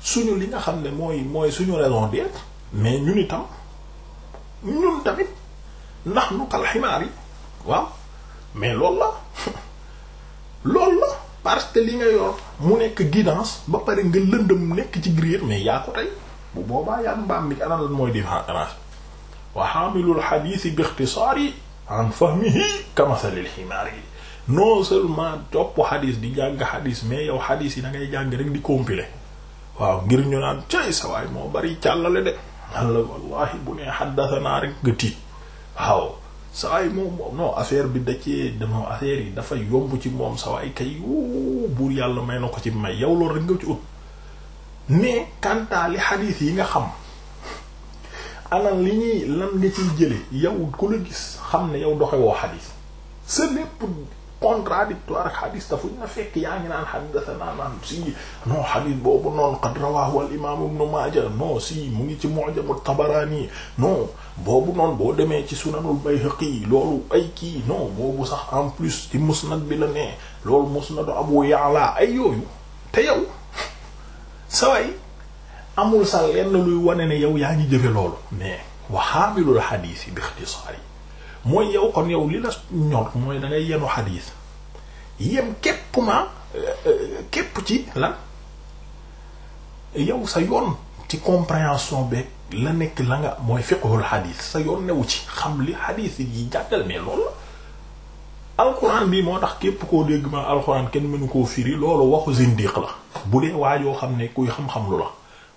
Speaker 1: suñu li nga xam ne mooy mooy suñu raison d'être mais ñun itam ñun tamit ndax nu kal ximaar yi waaw mais loolu la loolu la parce que li nga yor mu nekk guidance ba pare nga lëndëm nekk ci grier mais yaa ko tey bu boobaa yàgg mbaam mi ana lan mooy différence wa hamilul hadith bi ikhtisari an fahmihi kamasalil himaar yi non seulement topp hadith di jàng hadith mais yow hadith yi da ngay jàng rek di compiler waaw ngir ñu naan cay sa moo bari càllale de alla wallahi bu nee xaddasanaa rek nga tiit waaw sawaay moom moom non affaire bi da cee dama affaire yi dafa yomb ci moom sawaay kay buur yàlla may na ko ci may yow loolu rek nga ci ut mais kantaali xadiis yi nga xam alal li ñuy lan li ciy jële yow ku la gis xam ne yow doxe woo xadiis sa lépp contradictoire ak xadiis ta fekk yaa ngi naan xaddasanaa boobu noonu qad rawaahu al imaam ibnu maaja non si mu ngi ci mu'jamu tabaraani non boobu noon boo demee ci sunanul bayhaqi loolu ay kii non boobu sax en plus ci musnad bi la ne loolu musnadu abu ya'la ay yooyu te yow saway amul sa lenn luy wane ne yow yaa ngi jëfe loolu mais waxaamilul xadiis yi bi ixtisaar yi mooy yow kon yow li la ñor mooy da ngay yenu xadiis yem képp ma euh, euh, képp ci lan yow sa yoon ci compréhension beeg la nekk la nga mooy fiqhul xadiis sa yoon newu ci xam li xadiis yi jàngal mais loolu alxuraan bi moo tax képp koo dégg ma alxuraan kenn mënu koo firi loolu waxu zindiq la bu dee waajoo xam ne kuy xam-xam la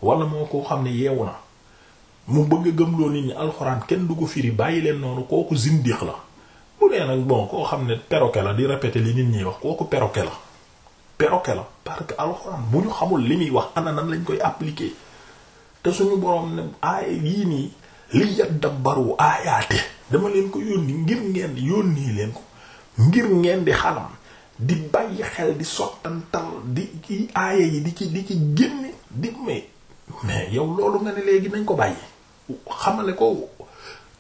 Speaker 1: wala moo koo xam ne yeewu na mu bëgg gëm loo nit ñi alxuraan kenn du ko firi bàyyi leen noonu kooku zindiq la bu dee nag bon koo xam ne perroquet la di répéter li nit ñi wax kooku peroke la perroquet la parce que alxuraan bu ñu xamul li muy wax ana nan lañ koy appliquer te suñu borom ne aaya yii nii li yadabbaru aayaate dama leen ko yónni ngir ngeen yónnii leen ko ngir ngeen di xalam di bàyyi xel di sottantal di ci aaya yi di ci di ci génne di mais mais yow loolu nga ne léegi nañ ko bàyyi xamale ko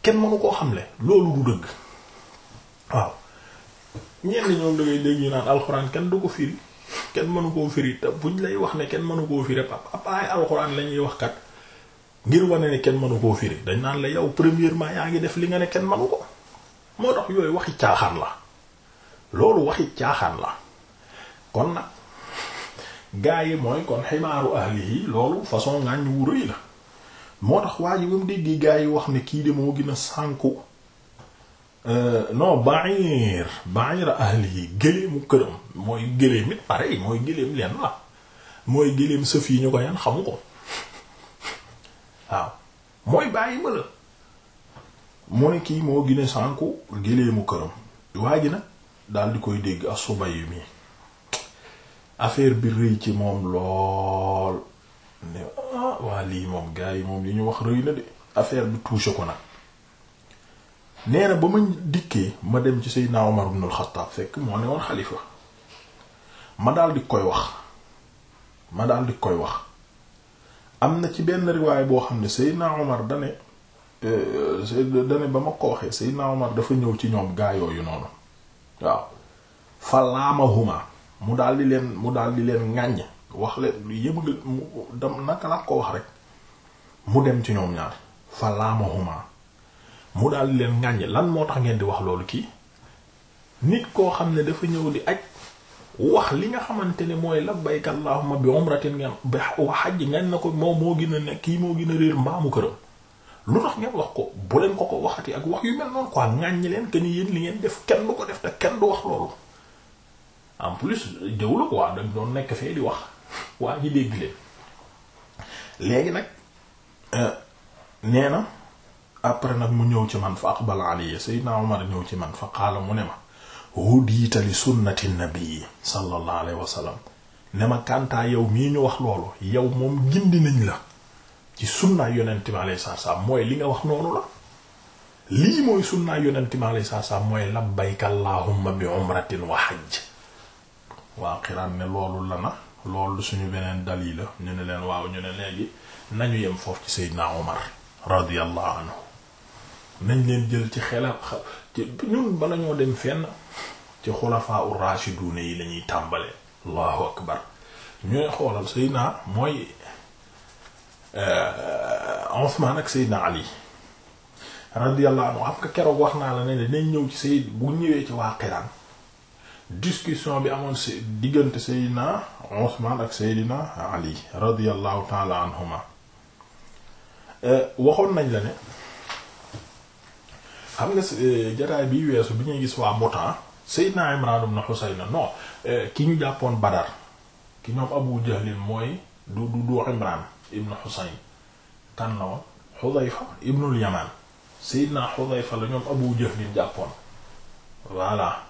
Speaker 1: kenn mënu koo xamle loolu du dëgg waaw ñenn ñoom da ngay dégg ñu naan alxuraan kenn du ko firi kenn mënu koo firi te buñ lay wax ne kenn mënu koo firi la ñuy wax kat ngir wane ne kenn mënu koo firi dañ naan la yow premièrement yaa ngi def li nga ne kenn mënu ko moo tax yooyu waxi caaxaan la loolu waxi caaxaan la kon nag gaa yi mooy kon ximaaru ahli yi loolu façon ngàññ wu la moo tax waa ji ba mu déggee gaa yi wax ne kii de moo gina a no euh, non ba'ir ahli yi gëleemu këram mooy gëleem it pareil mooy gëleem leen la mooy gëleem sëf yi ñu ko yan xamu ko waaw mooy bàyyi ma la mu ne kii moo gën a sànku këram waa ji nag daal di koy dégg asubay yu mi bi rëy ci moom lool ne ah waa lii moom gars yi moom li ñu wax rëy na de affaire bi touché ko nag nee ba ma dikkee ma dem ci Seydina Omar ibn al fekk moo ne woon xalifa ma daal di koy wax ma daal di koy wax am na ci benn riwaay boo xam ne Seydina Omar dane euh, dane ba ma ko waxee Seydina dafa ñëw ci ñoom gaa yooyu noonu waaw fa laamahuma mu daal leen mu daal di leen ŋàññ wax leen lu yëngal mu dem naka laa ko wax rek mu dem ci ñoom ñaar fa laamahuma mu daal di leen ŋàññ lan moo tax ngeen di wax loolu kii nit koo xam ne dafa ñëw di aj wax li nga xamante ne mooy labbayka allahumma bi umratin ngeen ba wa hajj ngeen na ko moom moo gën a nekk kii moo gën a réer mbaamu këram lu tax ngeen wax ko bu leen ko ko waxati ak wax yu mel noonu quoi ŋàññi leen que ni yéen li ngeen def kenn lu ko def te kenn du wax loolu en plus jëw ko quoi dañ doon nekk fee di wax waa ji dégg leen léegi nag euh, nee na après nag mu ñëw ci man fa aqbal alayya sayyidna Umar ñëw ci man fa qaala mu ne ma hudiita li sunnati nabii sallallahu alayhi wa sallam ne ma kantaa yow mii ñu wax loolu yow moom gindi nañ la ci sunnaay yonent mi alayhi salaatu mooy li nga wax noonu la lii mooy sunnaay yonent mi alayhi salaatu salaam mooy labbayka allahumma bi umratin wa hajj waa xiraan ne loolu la na loolu suñu beneen dali la ñu ne leen waaw ñu ne léegi nañu yem foofu ci Seydina Omar radiyallahu anhu nañ leen jël ci xelal ci ñun bala ñoo dem fenn ci xulafaa ur-raashiduun yi la ñuy tàmbalee allahu akbar ñu xoolal Seydina mooy Euh, euh, Usmaan ak Seydina radiyallahu anhu am nga keroog wax naa la ne dinañ ñëw ci Seyd bu ñëwee ci waa Qiraan discussion bi amoon diggante Seydina Usmaan ak Seydina Ali radiyallahu euh, waxoon nañ la ne xam nga jataay biy weesu bi ñuy gis waa Mutaa Seydina Imraan ibn Husayn non ki ñu jàppoon Badar ki ñoom Abu Jahlin mooy du du du Imran ibn Husayn kan la woon Hudhayfa ibnul Yaman la ñoom Abu Jahl ni jàppoon voilà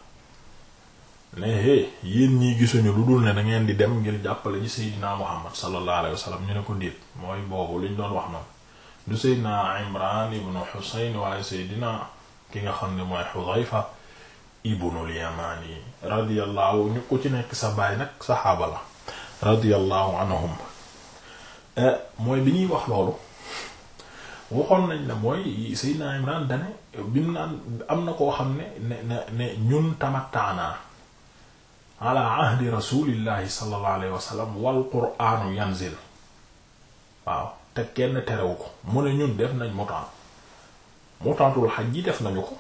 Speaker 1: ne hé yéen ñii gisuñu lu dul ne da ngeen di dem ngir jàppale ji Seydina Muhammad sallallahu alayhi wa sallam ñu ne ko ndiit mooy boobu liñ doon wax noonu du Seydina Imran ibn Husayn waaye Seydina ki nga xam ne mooy Hudhayfa ibnul Yaman yi radiyallahu ñu ko ci nekk sa baay nag saxaaba la radiyallahu anhum Euh, mooy bi ñuy wax loolu waxoon nañ la mooy Seydina Imran dane bim naan am na koo xam ne ne ne ñun tamattaanaa ala ahdi rasulillahi sallallahu alayhi wa wal qur'anu yanzil waaw te kenn terewu ko mu ne ñun def nañ mutaan mutaantul xaj ji def nañu ko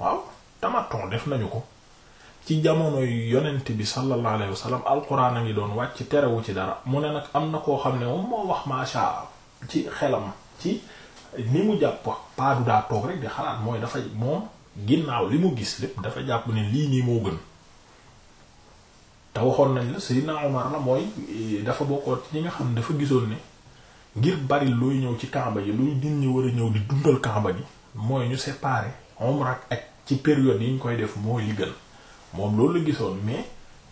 Speaker 1: waaw tamaton def nañu ko ci jamono yonent bi sallallahu alayhi wa sallam alquran a ngi doon wàcc terewu ci dara mu ne nag am na koo xam ne moom moo wax macha ci xelam ci ni mu jàpp paadu daa toog rek di xalaat mooy dafa moom ginnaaw li gis dafa jàpp ne lii nii moo gën te waxoon nañ mooy dafa bokkoon ci nga xam ne dafa gisoon ne ngir bari looy ñëw ci Kaaba ji luy nit ñi war a ñëw di dundal Kaaba ji mooy ñu séparer umra ak ci période yi ñu koy def mooy li moom loolu la gisoon mais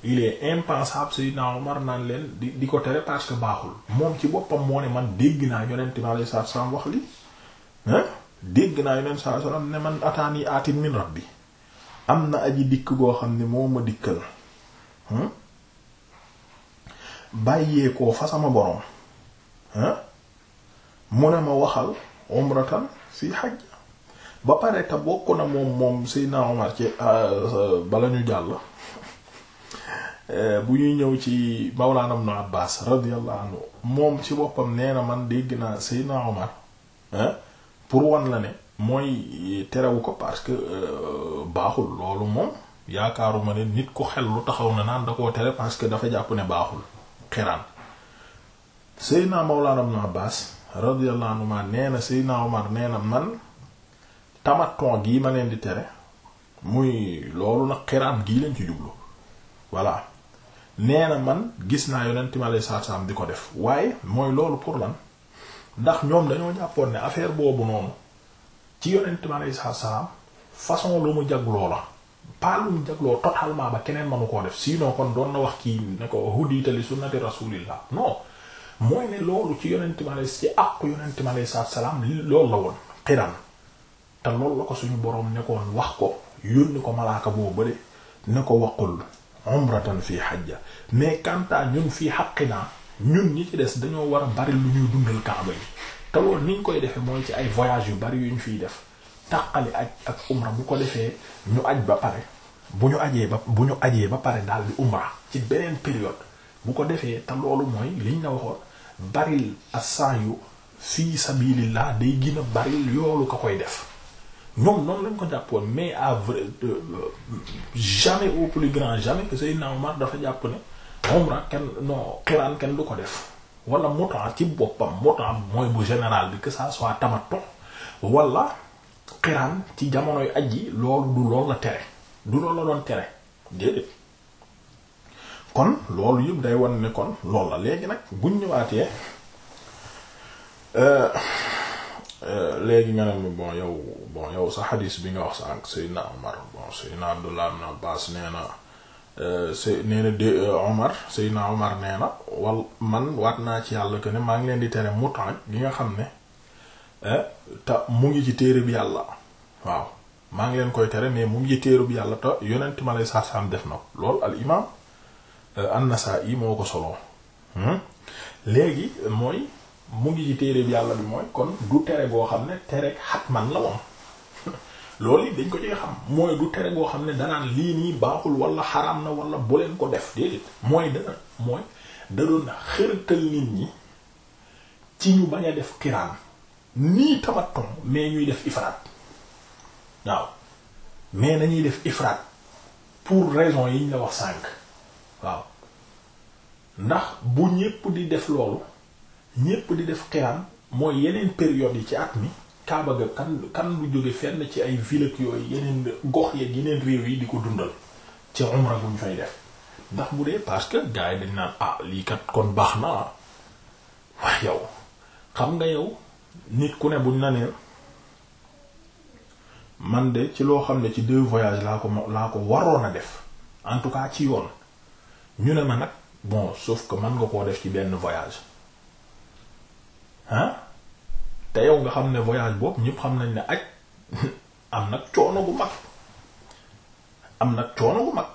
Speaker 1: il est impensable Seydina Omar naan leen di di ko tere parce baaxul moom ci boppam moo ne man dégg naa yonent bi alayhi salaatu salaam wax li dégg naa yonent salaatu salaam ne man ataani aatin min rabbi am na aji dikk goo xam ne moo ma dikkal bàyyeekoo fa sama borom hein mu ne ma waxal umratan si hajj ba pare te bokk na moom moom Seydina Omar ci ah, euh, bala ñu jàll euh, bu ñuy ñëw ci Mawlana Ibn Abbas radiyallahu moom ci boppam nee na man dégg naa Seydina Omar pour wan la ne mooy terewu ko parce que euh, baaxul loolu moom yaakaaruma ne nit ku xel lu taxaw na naan da koo tere parce que dafa jàpp ne baaxul xiraan Seydina Mawlana Ibn Abbas radiyallahu anhu ma nee na Seydina Omar nee na man tamaton gi ma leen di tere muy loolu nag xiraan gii lañ ci jublu voilà nee na man gis naa yonent mi alayhi salaatu salaam di ko def waaye mooy loolu pour lan ndax ñoom dañoo jàppoon ne affaire boobu noonu ci yonent mi alayhi salaam façon lu mu jagloo la pas lu mu jagloo totalement ba keneen manu koo def sinon kon doon na wax kii ne ko hudita li sunnati rasulillah non mooy ne loolu ci yonent mi alayhi ci àqu yonent mi alayhi salaam loolu la woon te loolu la ko suñu boroom nekkoon wax ko yónni ko malaaka boo bële ne ko waqul umratan fii hajja mais kanta ñun fii haqqina ñun ñi ci des dañoo war a bari lu ñuy dundal kaaba yi te loolu ni ñu koy defee mooy ci ay voyage yu bari yu ñu fiy def tàqali aj ak umra bu ko defee ñu aj ba pare bu ñu ajee ba bu ñu ajee ba pare daal di umra ci beneen période bu ko defee te loolu mooy liñ la waxoon baril as-sa'yu fii sabilillah day gën a baril yoolu ko koy def ñoom noonu lañ ko jàppoon mais à vrai euh, jamais au plus grand jamais que Seydina Omar dafa jàpp ne umra kenn non xiraan kenn du ko def wala mutaa ci boppam mutaa mooy bu général bi que ça soit tamattu wala xiraan ci jamonoy aj yi loolu du loolu la tere du loolu la doon tere déedéet kon loolu yëpp day wan ne kon loolu la léegi nag buñ ñëwaatee euh, Euh, léegi nga ne ma bon yow bon yow sa xadis bi nga wax sa ak Seydina Omar bon Seydina Abdullah ibn Abbas nee na euh, Sey nee na de euh, Omar Seydina Omar nee na wal man waat naa ci yàlla que ne maa ngi leen di tere mu mutaan gi nga xam ne te mu ngi ci téere bi yàlla waaw maa ngi leen koy tere mais mu ngi ci bu bi yàlla te yonent ma lay sarsaan def na lool al imaam an-Nasa'i moo ko solo hmm? léegi mooy. mu ngi ci téere bi yàlla bi mooy kon du tere goo xam ne tere xatman la moom lool it dañ ko ci xam mooy du tere goo xam ne danaan lii nii baaxul wala xaraam na wala bu ko def déedéet mooy dana mooy da doon xërtal nit ñi ci ñu bañ a def kiraan nii tamattu mais ñuy def ifraat waaw mais nañuy def ifraat pour raison yi ñu la wax sànq waaw ndax bu ñépp di def loolu ñépp di def xiyam mooy yeneen période yi ci at mi kaaba ga kan kan lu jóge fenn ci ay ville yooyu yeneen gox yeeg yeneen réew yi di ko dundal ci umra bu ñu fay def ndax bu dee parce que gars yi dañ naan ah lii kat kon baax na wax yow xam nga yow nit ku ne buñ na ne man de ci loo xam ne ci deux voyages laa ko laa ko waroon a def en tout cas ci yoon ñu ne na nag bon sauf ko mën nga koo def ci benn voyage ah te yow nga xam ne voyage boobu ñëpp xam nañ ne aj am nag coono bu mag am nag coono bu mag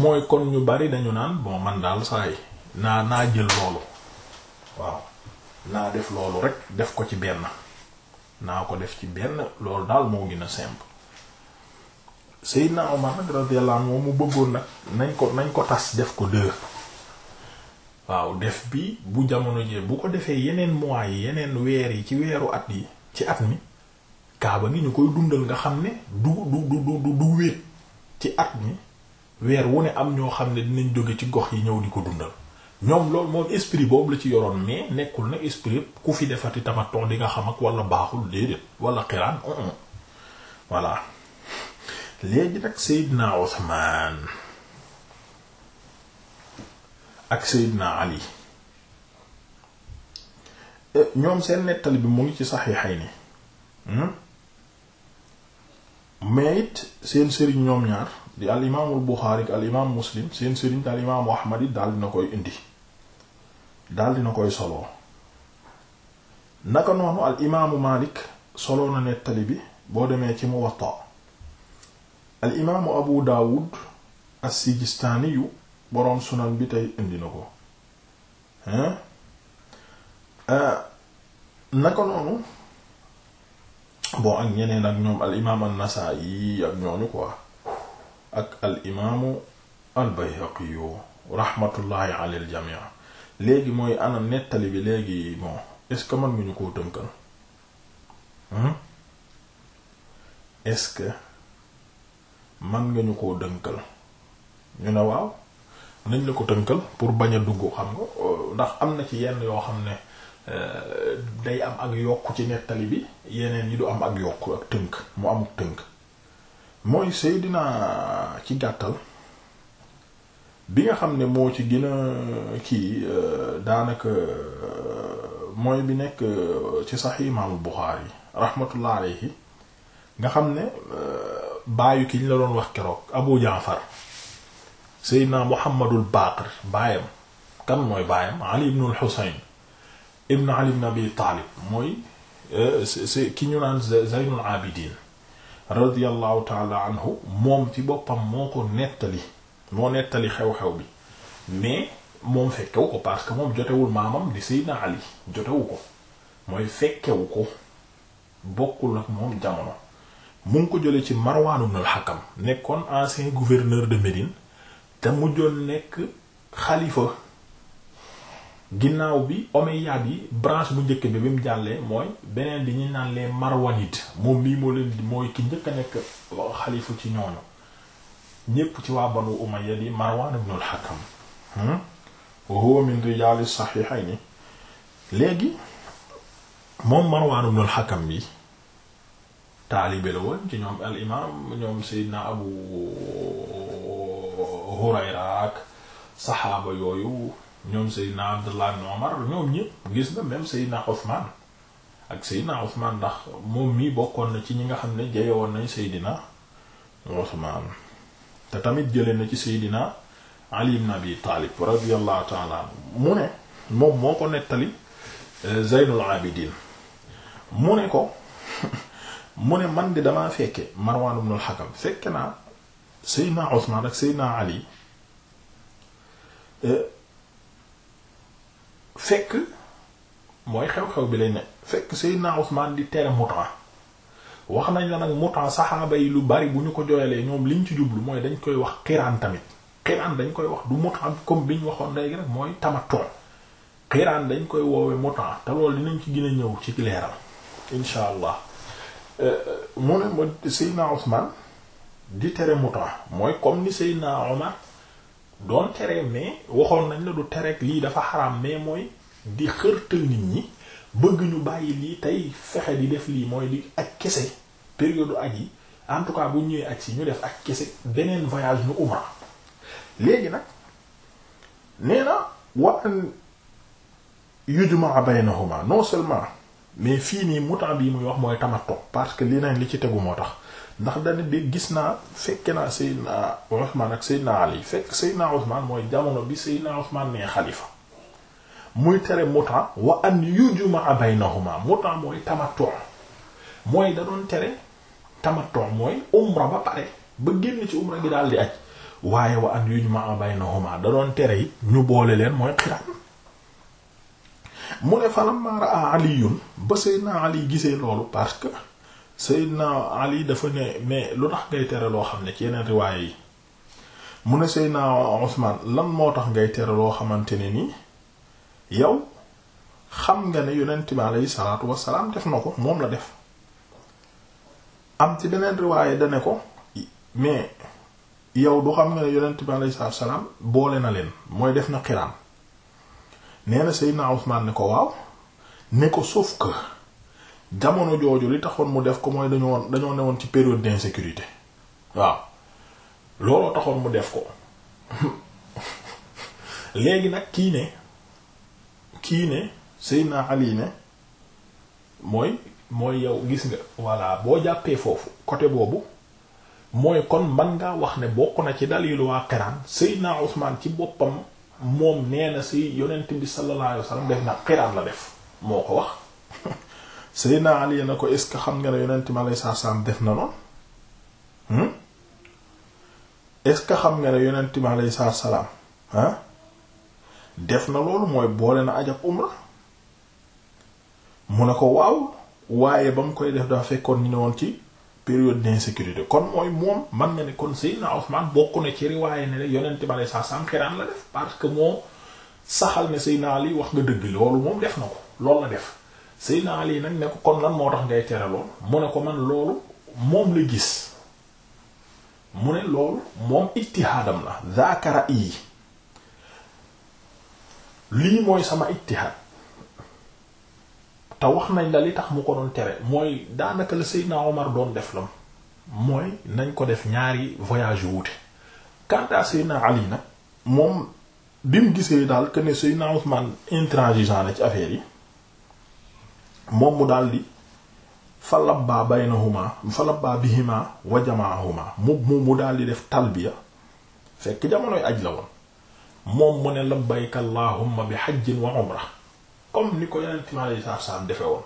Speaker 1: mooy kon ñu bari dañu naan bon man daal yi naa naa jël loolu waaw naa def loolu rek def ko ci benn naa ko def ci benn loolu daal moo gin a simple Seydina Omar nag radiyallahu anhu mu bëggoon nag nañ ko nañ ko tas def ko deux waaw def bi bu jamono jee bu ko defee yeneen mois yi yeneen weer yi ci weeru at yi ci at mi kaaba ngi ñu koy dundal nga xam ne du du du du du wéet ci at mi weer wu ne am ñoo xam ne dinañ jóge ci gox yi ñëw di ko dundal ñoom loolu moom esprit boobu la ci yoroon mais nekkul na esprit ku fi defati tamaton di nga xam ak wala baaxul déedéet wala xiraan voilà léegi nag Seydina Ousmane ak Seydina Ali eh, ñoom seen nettali bi mu ngi ci saxiixay ni hmm? mais it seen sëriñ ñoom ñaar di al imaamul Buxaari Muslim seen sëriñ te al imaamu Ahmad it daal dina koy indi daal dina koy soloo naka noonu al Maalik soloo na nettali bi boo demee ci Muwatta al imaamu Abu Daawud as-Sijistaaniyu boroom sunan bi tey indi na ko euh, naka noonu bon ak ñeneen ak ñoom al imaam an-Nasaa'i ak ñooñu quoi ak al imaamu al Bayhaqi rahmatullahi alal jamii léegi mooy ana nettali bi léegi bon est-ce que mën nga ñu koo tënkal est-ce que mën nga ñu koo dënkal ñu ne waaw nañ la ko tënkal pour bañ a dugg xam nga euh, ndax am na ci yenn yoo xam ne euh, day am ak yokk ci nettali bi yeneen yi du am ak yokk ak tënk mu amuk tënk mooy Seydina ci gàttal bi nga xam ne moo ci gën a kii euh, daanaka moy bi nekk ci sax imaamul Buxaari rahmatullah alayhi nga xam ne baayu ki ñu la doon wax keroog Abu Jaafar seydna muhammadul baqir baayam kan mooy baayam ali ibn al-husayn ibn ali ibn abi taalib mooy eh, ki ñu naan zaynul abidin radiyallahu taala anhu moom ci boppam moo ko nettali moo nettali xew-xew bi mais moom fekkewu ko parce que moom jotewul maamam di seydna ali jotewu ko mooy fekkewu ko bokkul ak moom jamono mu ko jële ci marwan ibn al-hakam nekkoon ancien gouverneur de médine te mujjoon nekk xalifa ginnaaw bi omeyyad yi branche bu njëkk bi bi mu jàllee mooy beneen bi ñu naan les marwanides moom lii moo leen di mooy ki njëkk a nekk euh, xalifa ci ñooñu ñépp ci waa banu umayya yi marwan ibn al-hakam hmm? wa huwa min rijal as-sahihayn léegi moom marwan ibn al bi taalibe la woon ci ñoom al imam ñoom sayyidina abu Hurayra ak saxaaba yooyu ñoom Seydina Abdullah ibn Umar ñoom ñëpp gis na même Seydina Usman ak Seydina Usman ndax moom mii bokkoon na ci ñi nga xam ne jeyewoon nañ Seydina Usman te tamit jële na ci Seydina Ali ibn Abi Talib radiyallahu ta'ala mu ne moom moo ko nettali euh, Zaynul Abidin mu ne ko mu ne man di damaa fekke Marwan ibn fekke naa Seydina Ousmane ak Seydina Ali euh, fekk mooy xew-xew bi lay ne fekk Seydina Ousmane di tere mutaa wax nañ la nag mutaa saxaaba yi lu bari bu ñu ko jooyalee ñoom liñ ci jublu mooy dañ koy wax xiraan tamit xiraan dañ koy wax du mutaa comme biñ waxoon léegi rek mooy tamattu xiraan dañ koy woowe mutaa te loolu dinañ ci gën a ñëw ci leeral incha allah euh, mu ne ma Seydina Ousmane di tere muta mooy comme ni Seydina Omar doon tere mais waxoon nañ la du tere lii dafa xaram mais mooy di xërtal nit ñi bëgg ñu bàyyi lii tey fexe di def lii mooy di ak kese période ak yi en tout cas bu ñëwee ak si ñu def ak kese beneen voyage ñu umra léegi nag nee na wa an yujma baynahuma non seulement mais fii nii muta bii muy wax mooy tamattu parce que li neen li ci tegu moo tax ndax dana de gis naa fekke naa Seydina Ali fekk Seydina Ousmane mooy jamono bi Seydina Ousmane nee xalifa muy tere muta wa an yujma baynahuma muta mooy tamattu mooy da doon tere tamattu mooy umra ba pare ba génn ci umra gi daal di aj waaye wa an yujma baynahuma da doon tere yi ñu boole leen mooy xiraan mu ne falam maara a aliyun ba Seydina Ali gisee loolu parce que Seydina Ali dafa ne mais lu tax ngay tere loo xam ne ci yeneen riwaaye yi mu ne Seydina Usmaan lan moo tax ngay tere loo xamante ne ni yow xam nga ne yonent bi aleyhi salaatu wassalaam def na ko moom la def am ci beneen riwaaye da ne ko mais yow du xam nga ne yonent bi aleyhi salaatu boole na leen mooy def na xiraan nee na Seydina ne ko waaw ne ko sauf que jamono jooju li taxoon mu def ko mooy dañoo ne woon ci période d'insécurité waaw looloo taxoon mu def ko léegi nag kii ne kii ne Seydina Ali ne mooy mooy yow gis nga voilà boo jàppee foofu côté boobu mooy kon man ngaa wax ne bokk na ci dalilu waa Qiraan naa Usmaan ci boppam moom nee na si yonent bi sallallahu alayhi wasallam def na Qiraan la def moo ko wax Seydina Ali na ko est ce que xam nga ne yonent mi alayhi salaam def na noonu hmm? est ce que xam nga ne yonent mi alayhi def na loolu mooy boole na aj ak umra mu ne ko waaw waaye ba mu koy def dafa fekkoon ñu ne woon ci période d'insécurité kon mooy moom man nga ne kon Seydina Ousmane bokk na ci riwaaye ne yonent mi alayhi salaam xiraan la def parce que moo saxal ne Seydina Ali wax nga dëgg loolu moom def na ko lool la def. Seydina Ali nag ne ko kon lan moo tax ngay tere lool mu ne ko man loolu moom la gis mu ne loolu moom ittihaadam la zaakara yi lii mooy sama ittihaad te wax nañ la li tax mu ko doon tere mooy daanaka la Seydina Omar doon def lam mooy nañ ko def ñaari voyage wuute quant à Seydina Ali nag moom bi mu gisee daal que ne Seydina Ousmane intransigeant na ci affaire yi moom mu daldi fa labbaa baynahuma fa labbaa bihima wa jamaahuma mu mu mu daldi def talbiya fekk jamonoy aj la woon moom mu ne labbayka bi hajjin wa umra comme ni ko yonent mi alayhi salaatu salaam defe woon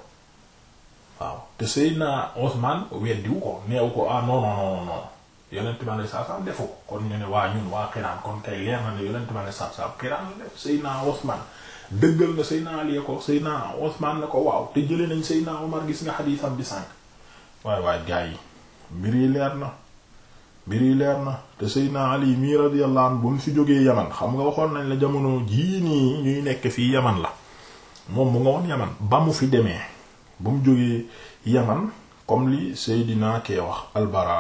Speaker 1: waaw te Seydina Ousmane weddiwu ko neew ko ah non non non non yonent mi alayhi salaatu defu kon ñu ne waa ñun waa Qiraan kon kay leer na ne yonent mi alayhi salaatu salaam Qiraan la def Seydina Ousmane dëggal na Seydina Ali ko Seydina Ousmane na ko waaw te jëlee nañ Seydina Omar gis nga xadiisam bi sànq waaye waaye gaa yi mbir yi leer na mbir yi leer na te Seydina Ali mii radiyallahu anhu bu mu fi jógee Yaman xam nga waxoon nañ la jamono jii nii ñuy nekk fii Yaman la moom mu nga woon Yaman ba mu fi demee ba mu jógee Yaman comme li Seydina kee wax Albara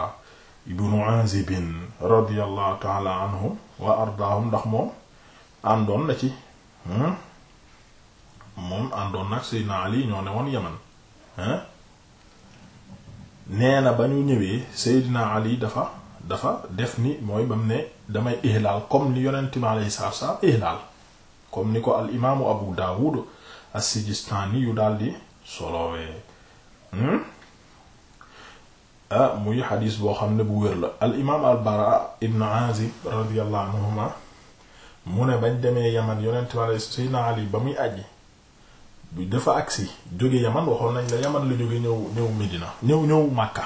Speaker 1: ibnu Azib radiyallahu ta'ala anhu wa ardaahum ndax moom àndoon na ci hmm? moom àndoon nag Seydina Ali ñoo ne woon Yaman hein nee na ba ñu ñëwee Seydina Ali dafa dafa def ni mooy bam ne damay ihlaal comme ni yonent mi comme ni ko al imaamu Abu Dawud as-Sijistani yu daldi solowee hmm? ah muy xadiis boo xam ne bu wér la al imaam al bara ibn Azib radiyallahu mu ne bañ demee yaman yonent mi alayhi sayyidina Ali ba muy aji bi dafa agsi jóge yaman waxoon nañ la yaman la jóge ñëw ñëw Medina ñëw ñëw Makka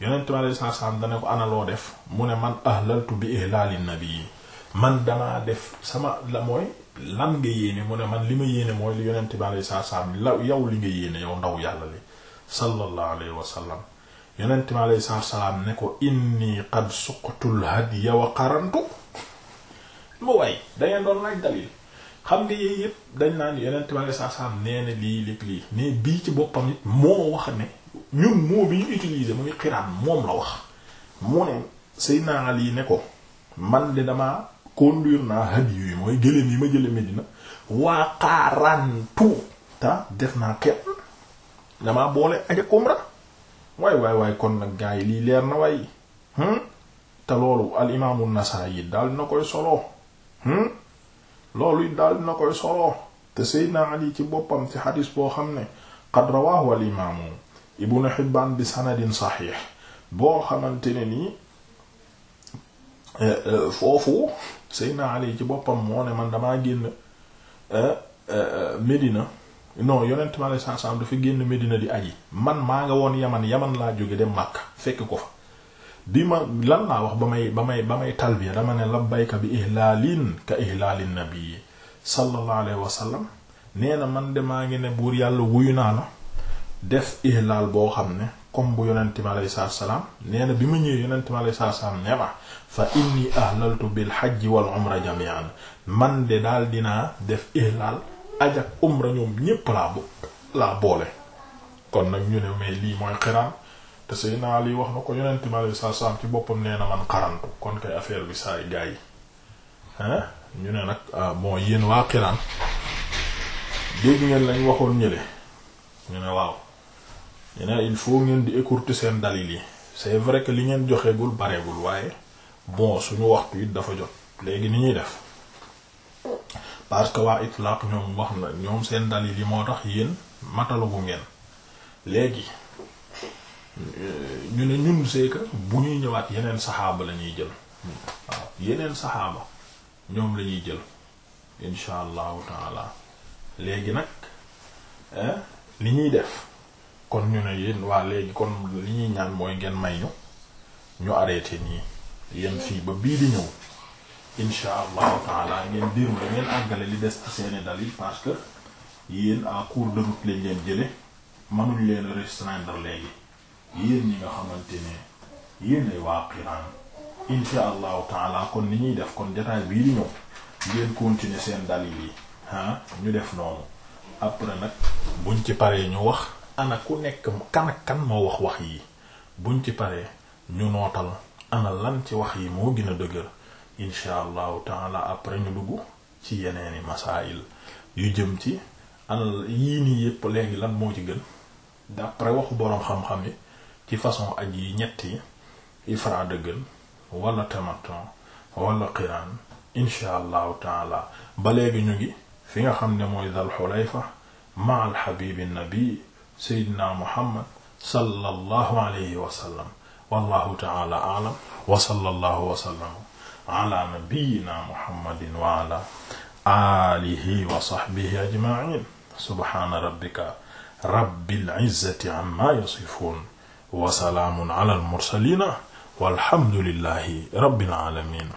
Speaker 1: yonent bi alayhi salaatu salaam dana ko ana loo def mu ne man ahlaltu bi ihlaali nabi man damaa def sama la mooy lan nga yéene mu ne man li ma yéene mooy li yonent bi alayhi salaatu salaam la yow li nga yéene yow ndaw yàlla li sallallahu alayhi wa sallam yonent bi alayhi salaatu salaam ne ko inni qad suqtul hadiya wa qarantu mu way da doon laaj dalil xam nga yooyu yëpp dañ naan yeneen tubaab sax sax nee lii lépp lii mais bii ci boppam it moo wax ne ñun moo bi ñu utiliser muy xiraan moom la wax mu ne Seydina Ali ne ko man li dama conduire naa hadiyu yi mooy gëléem yi ma jële Medina waa xaarantu ta def naa xeet damaa boole aja umra waay waay waay kon nag gaa yi lii leer na waay hmm? te loolu al nasaa yi daal na koy solo. Hmm? loolu daal dina koy soloo te Seydina Ali ci boppam si xadis boo xam ne qad rawaahu al imaamu ibnu Hibbaan bi sanadin saxiix boo xamante ne nii eh, eh, foofu Seydina Ali ci boppam moo ne man damaa génn eh, Medina non yonent ma lay saa saam dafa génn Medina di aji man maa nga woon yaman yaman laa jóge dem Makka fekk ko fa bi ma lan laa wax ba may ba may ba may talbiya dama ne labbayka bi ihlalin ka ihlalin nabi sallallahu alayhi wa sallam nee na man de maa ngi ne buur yàlla wuyu naa la def ihlal boo xam ne comme bu yonente mi alayhi salaam nee bi ma ñëwee yonente mi alayhi salaatu salaam ne ma fa inni ahlaltu bil hajji wal umra jami'an man de daal dinaa def ihlal aj ak umra ñoom ñépp laa bo laa boole kon nag ñu ne mais lii mooy xiraan te Seydina Ali wax na ko yonent mi alayhi salaatu salaam ci boppam nee na man xarantu kon kay affaire bi saa yi gars ñu ne nag ah, bon yéen waa Qiraan dégg ngeen lañ waxoon ñële ñu ne waaw ñu ne il faut ngeen di écourter seen dalil yi c'est vrai que li ngeen joxeegul bareegul waaye bon suñu waxtu it dafa jot léegi ni ñuy def parce que waa itlaq ñoom wax na ñoom seen dalil yi moo tax yéen matalagu ngeen léegi. Euh, ñu ne ñun c'est bu ñuy ñëwaat yeneen saxaaba la ñuy jël waaw yeneen saxaaba ñoom lañuy ñuy jël insha allahu taala léegi nag li ñuy def kon ñu ne yéen waa léegi kon li ñuy ñaan mooy ngeen may ñu ñu arrêté nii yem fii ba bii di ñëw insha allahu taala ngeen diir ma ngeen àggale li des ci seeni dalil parce que yéen à court lañ leen jële mënuñ leen restreindre léegi yéen ñi nga xamante ne yéenay waa Qiraan insha allahu taala kon ni ñuy def kon jotaay bii di ñëw ngeen continuer seen dalil yi ah ñu def noonu après nag buñ ci paree ñu wax ana ku nekk kan kan moo wax wax yi buñ ci paree ñu nootal ana lan ci wax yi moo gën a dëgër insha allahu taala après ñu dugg ci yeneeni masail yu jëm ci ana yii nii yépp léegi lan moo ci gën d'après waxu boroom xam-xam yi ci façon aj yi ñett yi ifraada wala tamaton wala qiraan insha taala ba léegi ñu fi nga xam ne mooy dal xulayfa ma al habibi nabi seydina muhammad sallallahu alayhi wa sallam taala aalam wa sallallahu wa sallam ala nabiyyina muhammadin wa ala alihi wa sahbihi ajma'in subhana rabbika yasifun wa salaamun ala al mursaliina walhamdulillahi rabbil aalamiin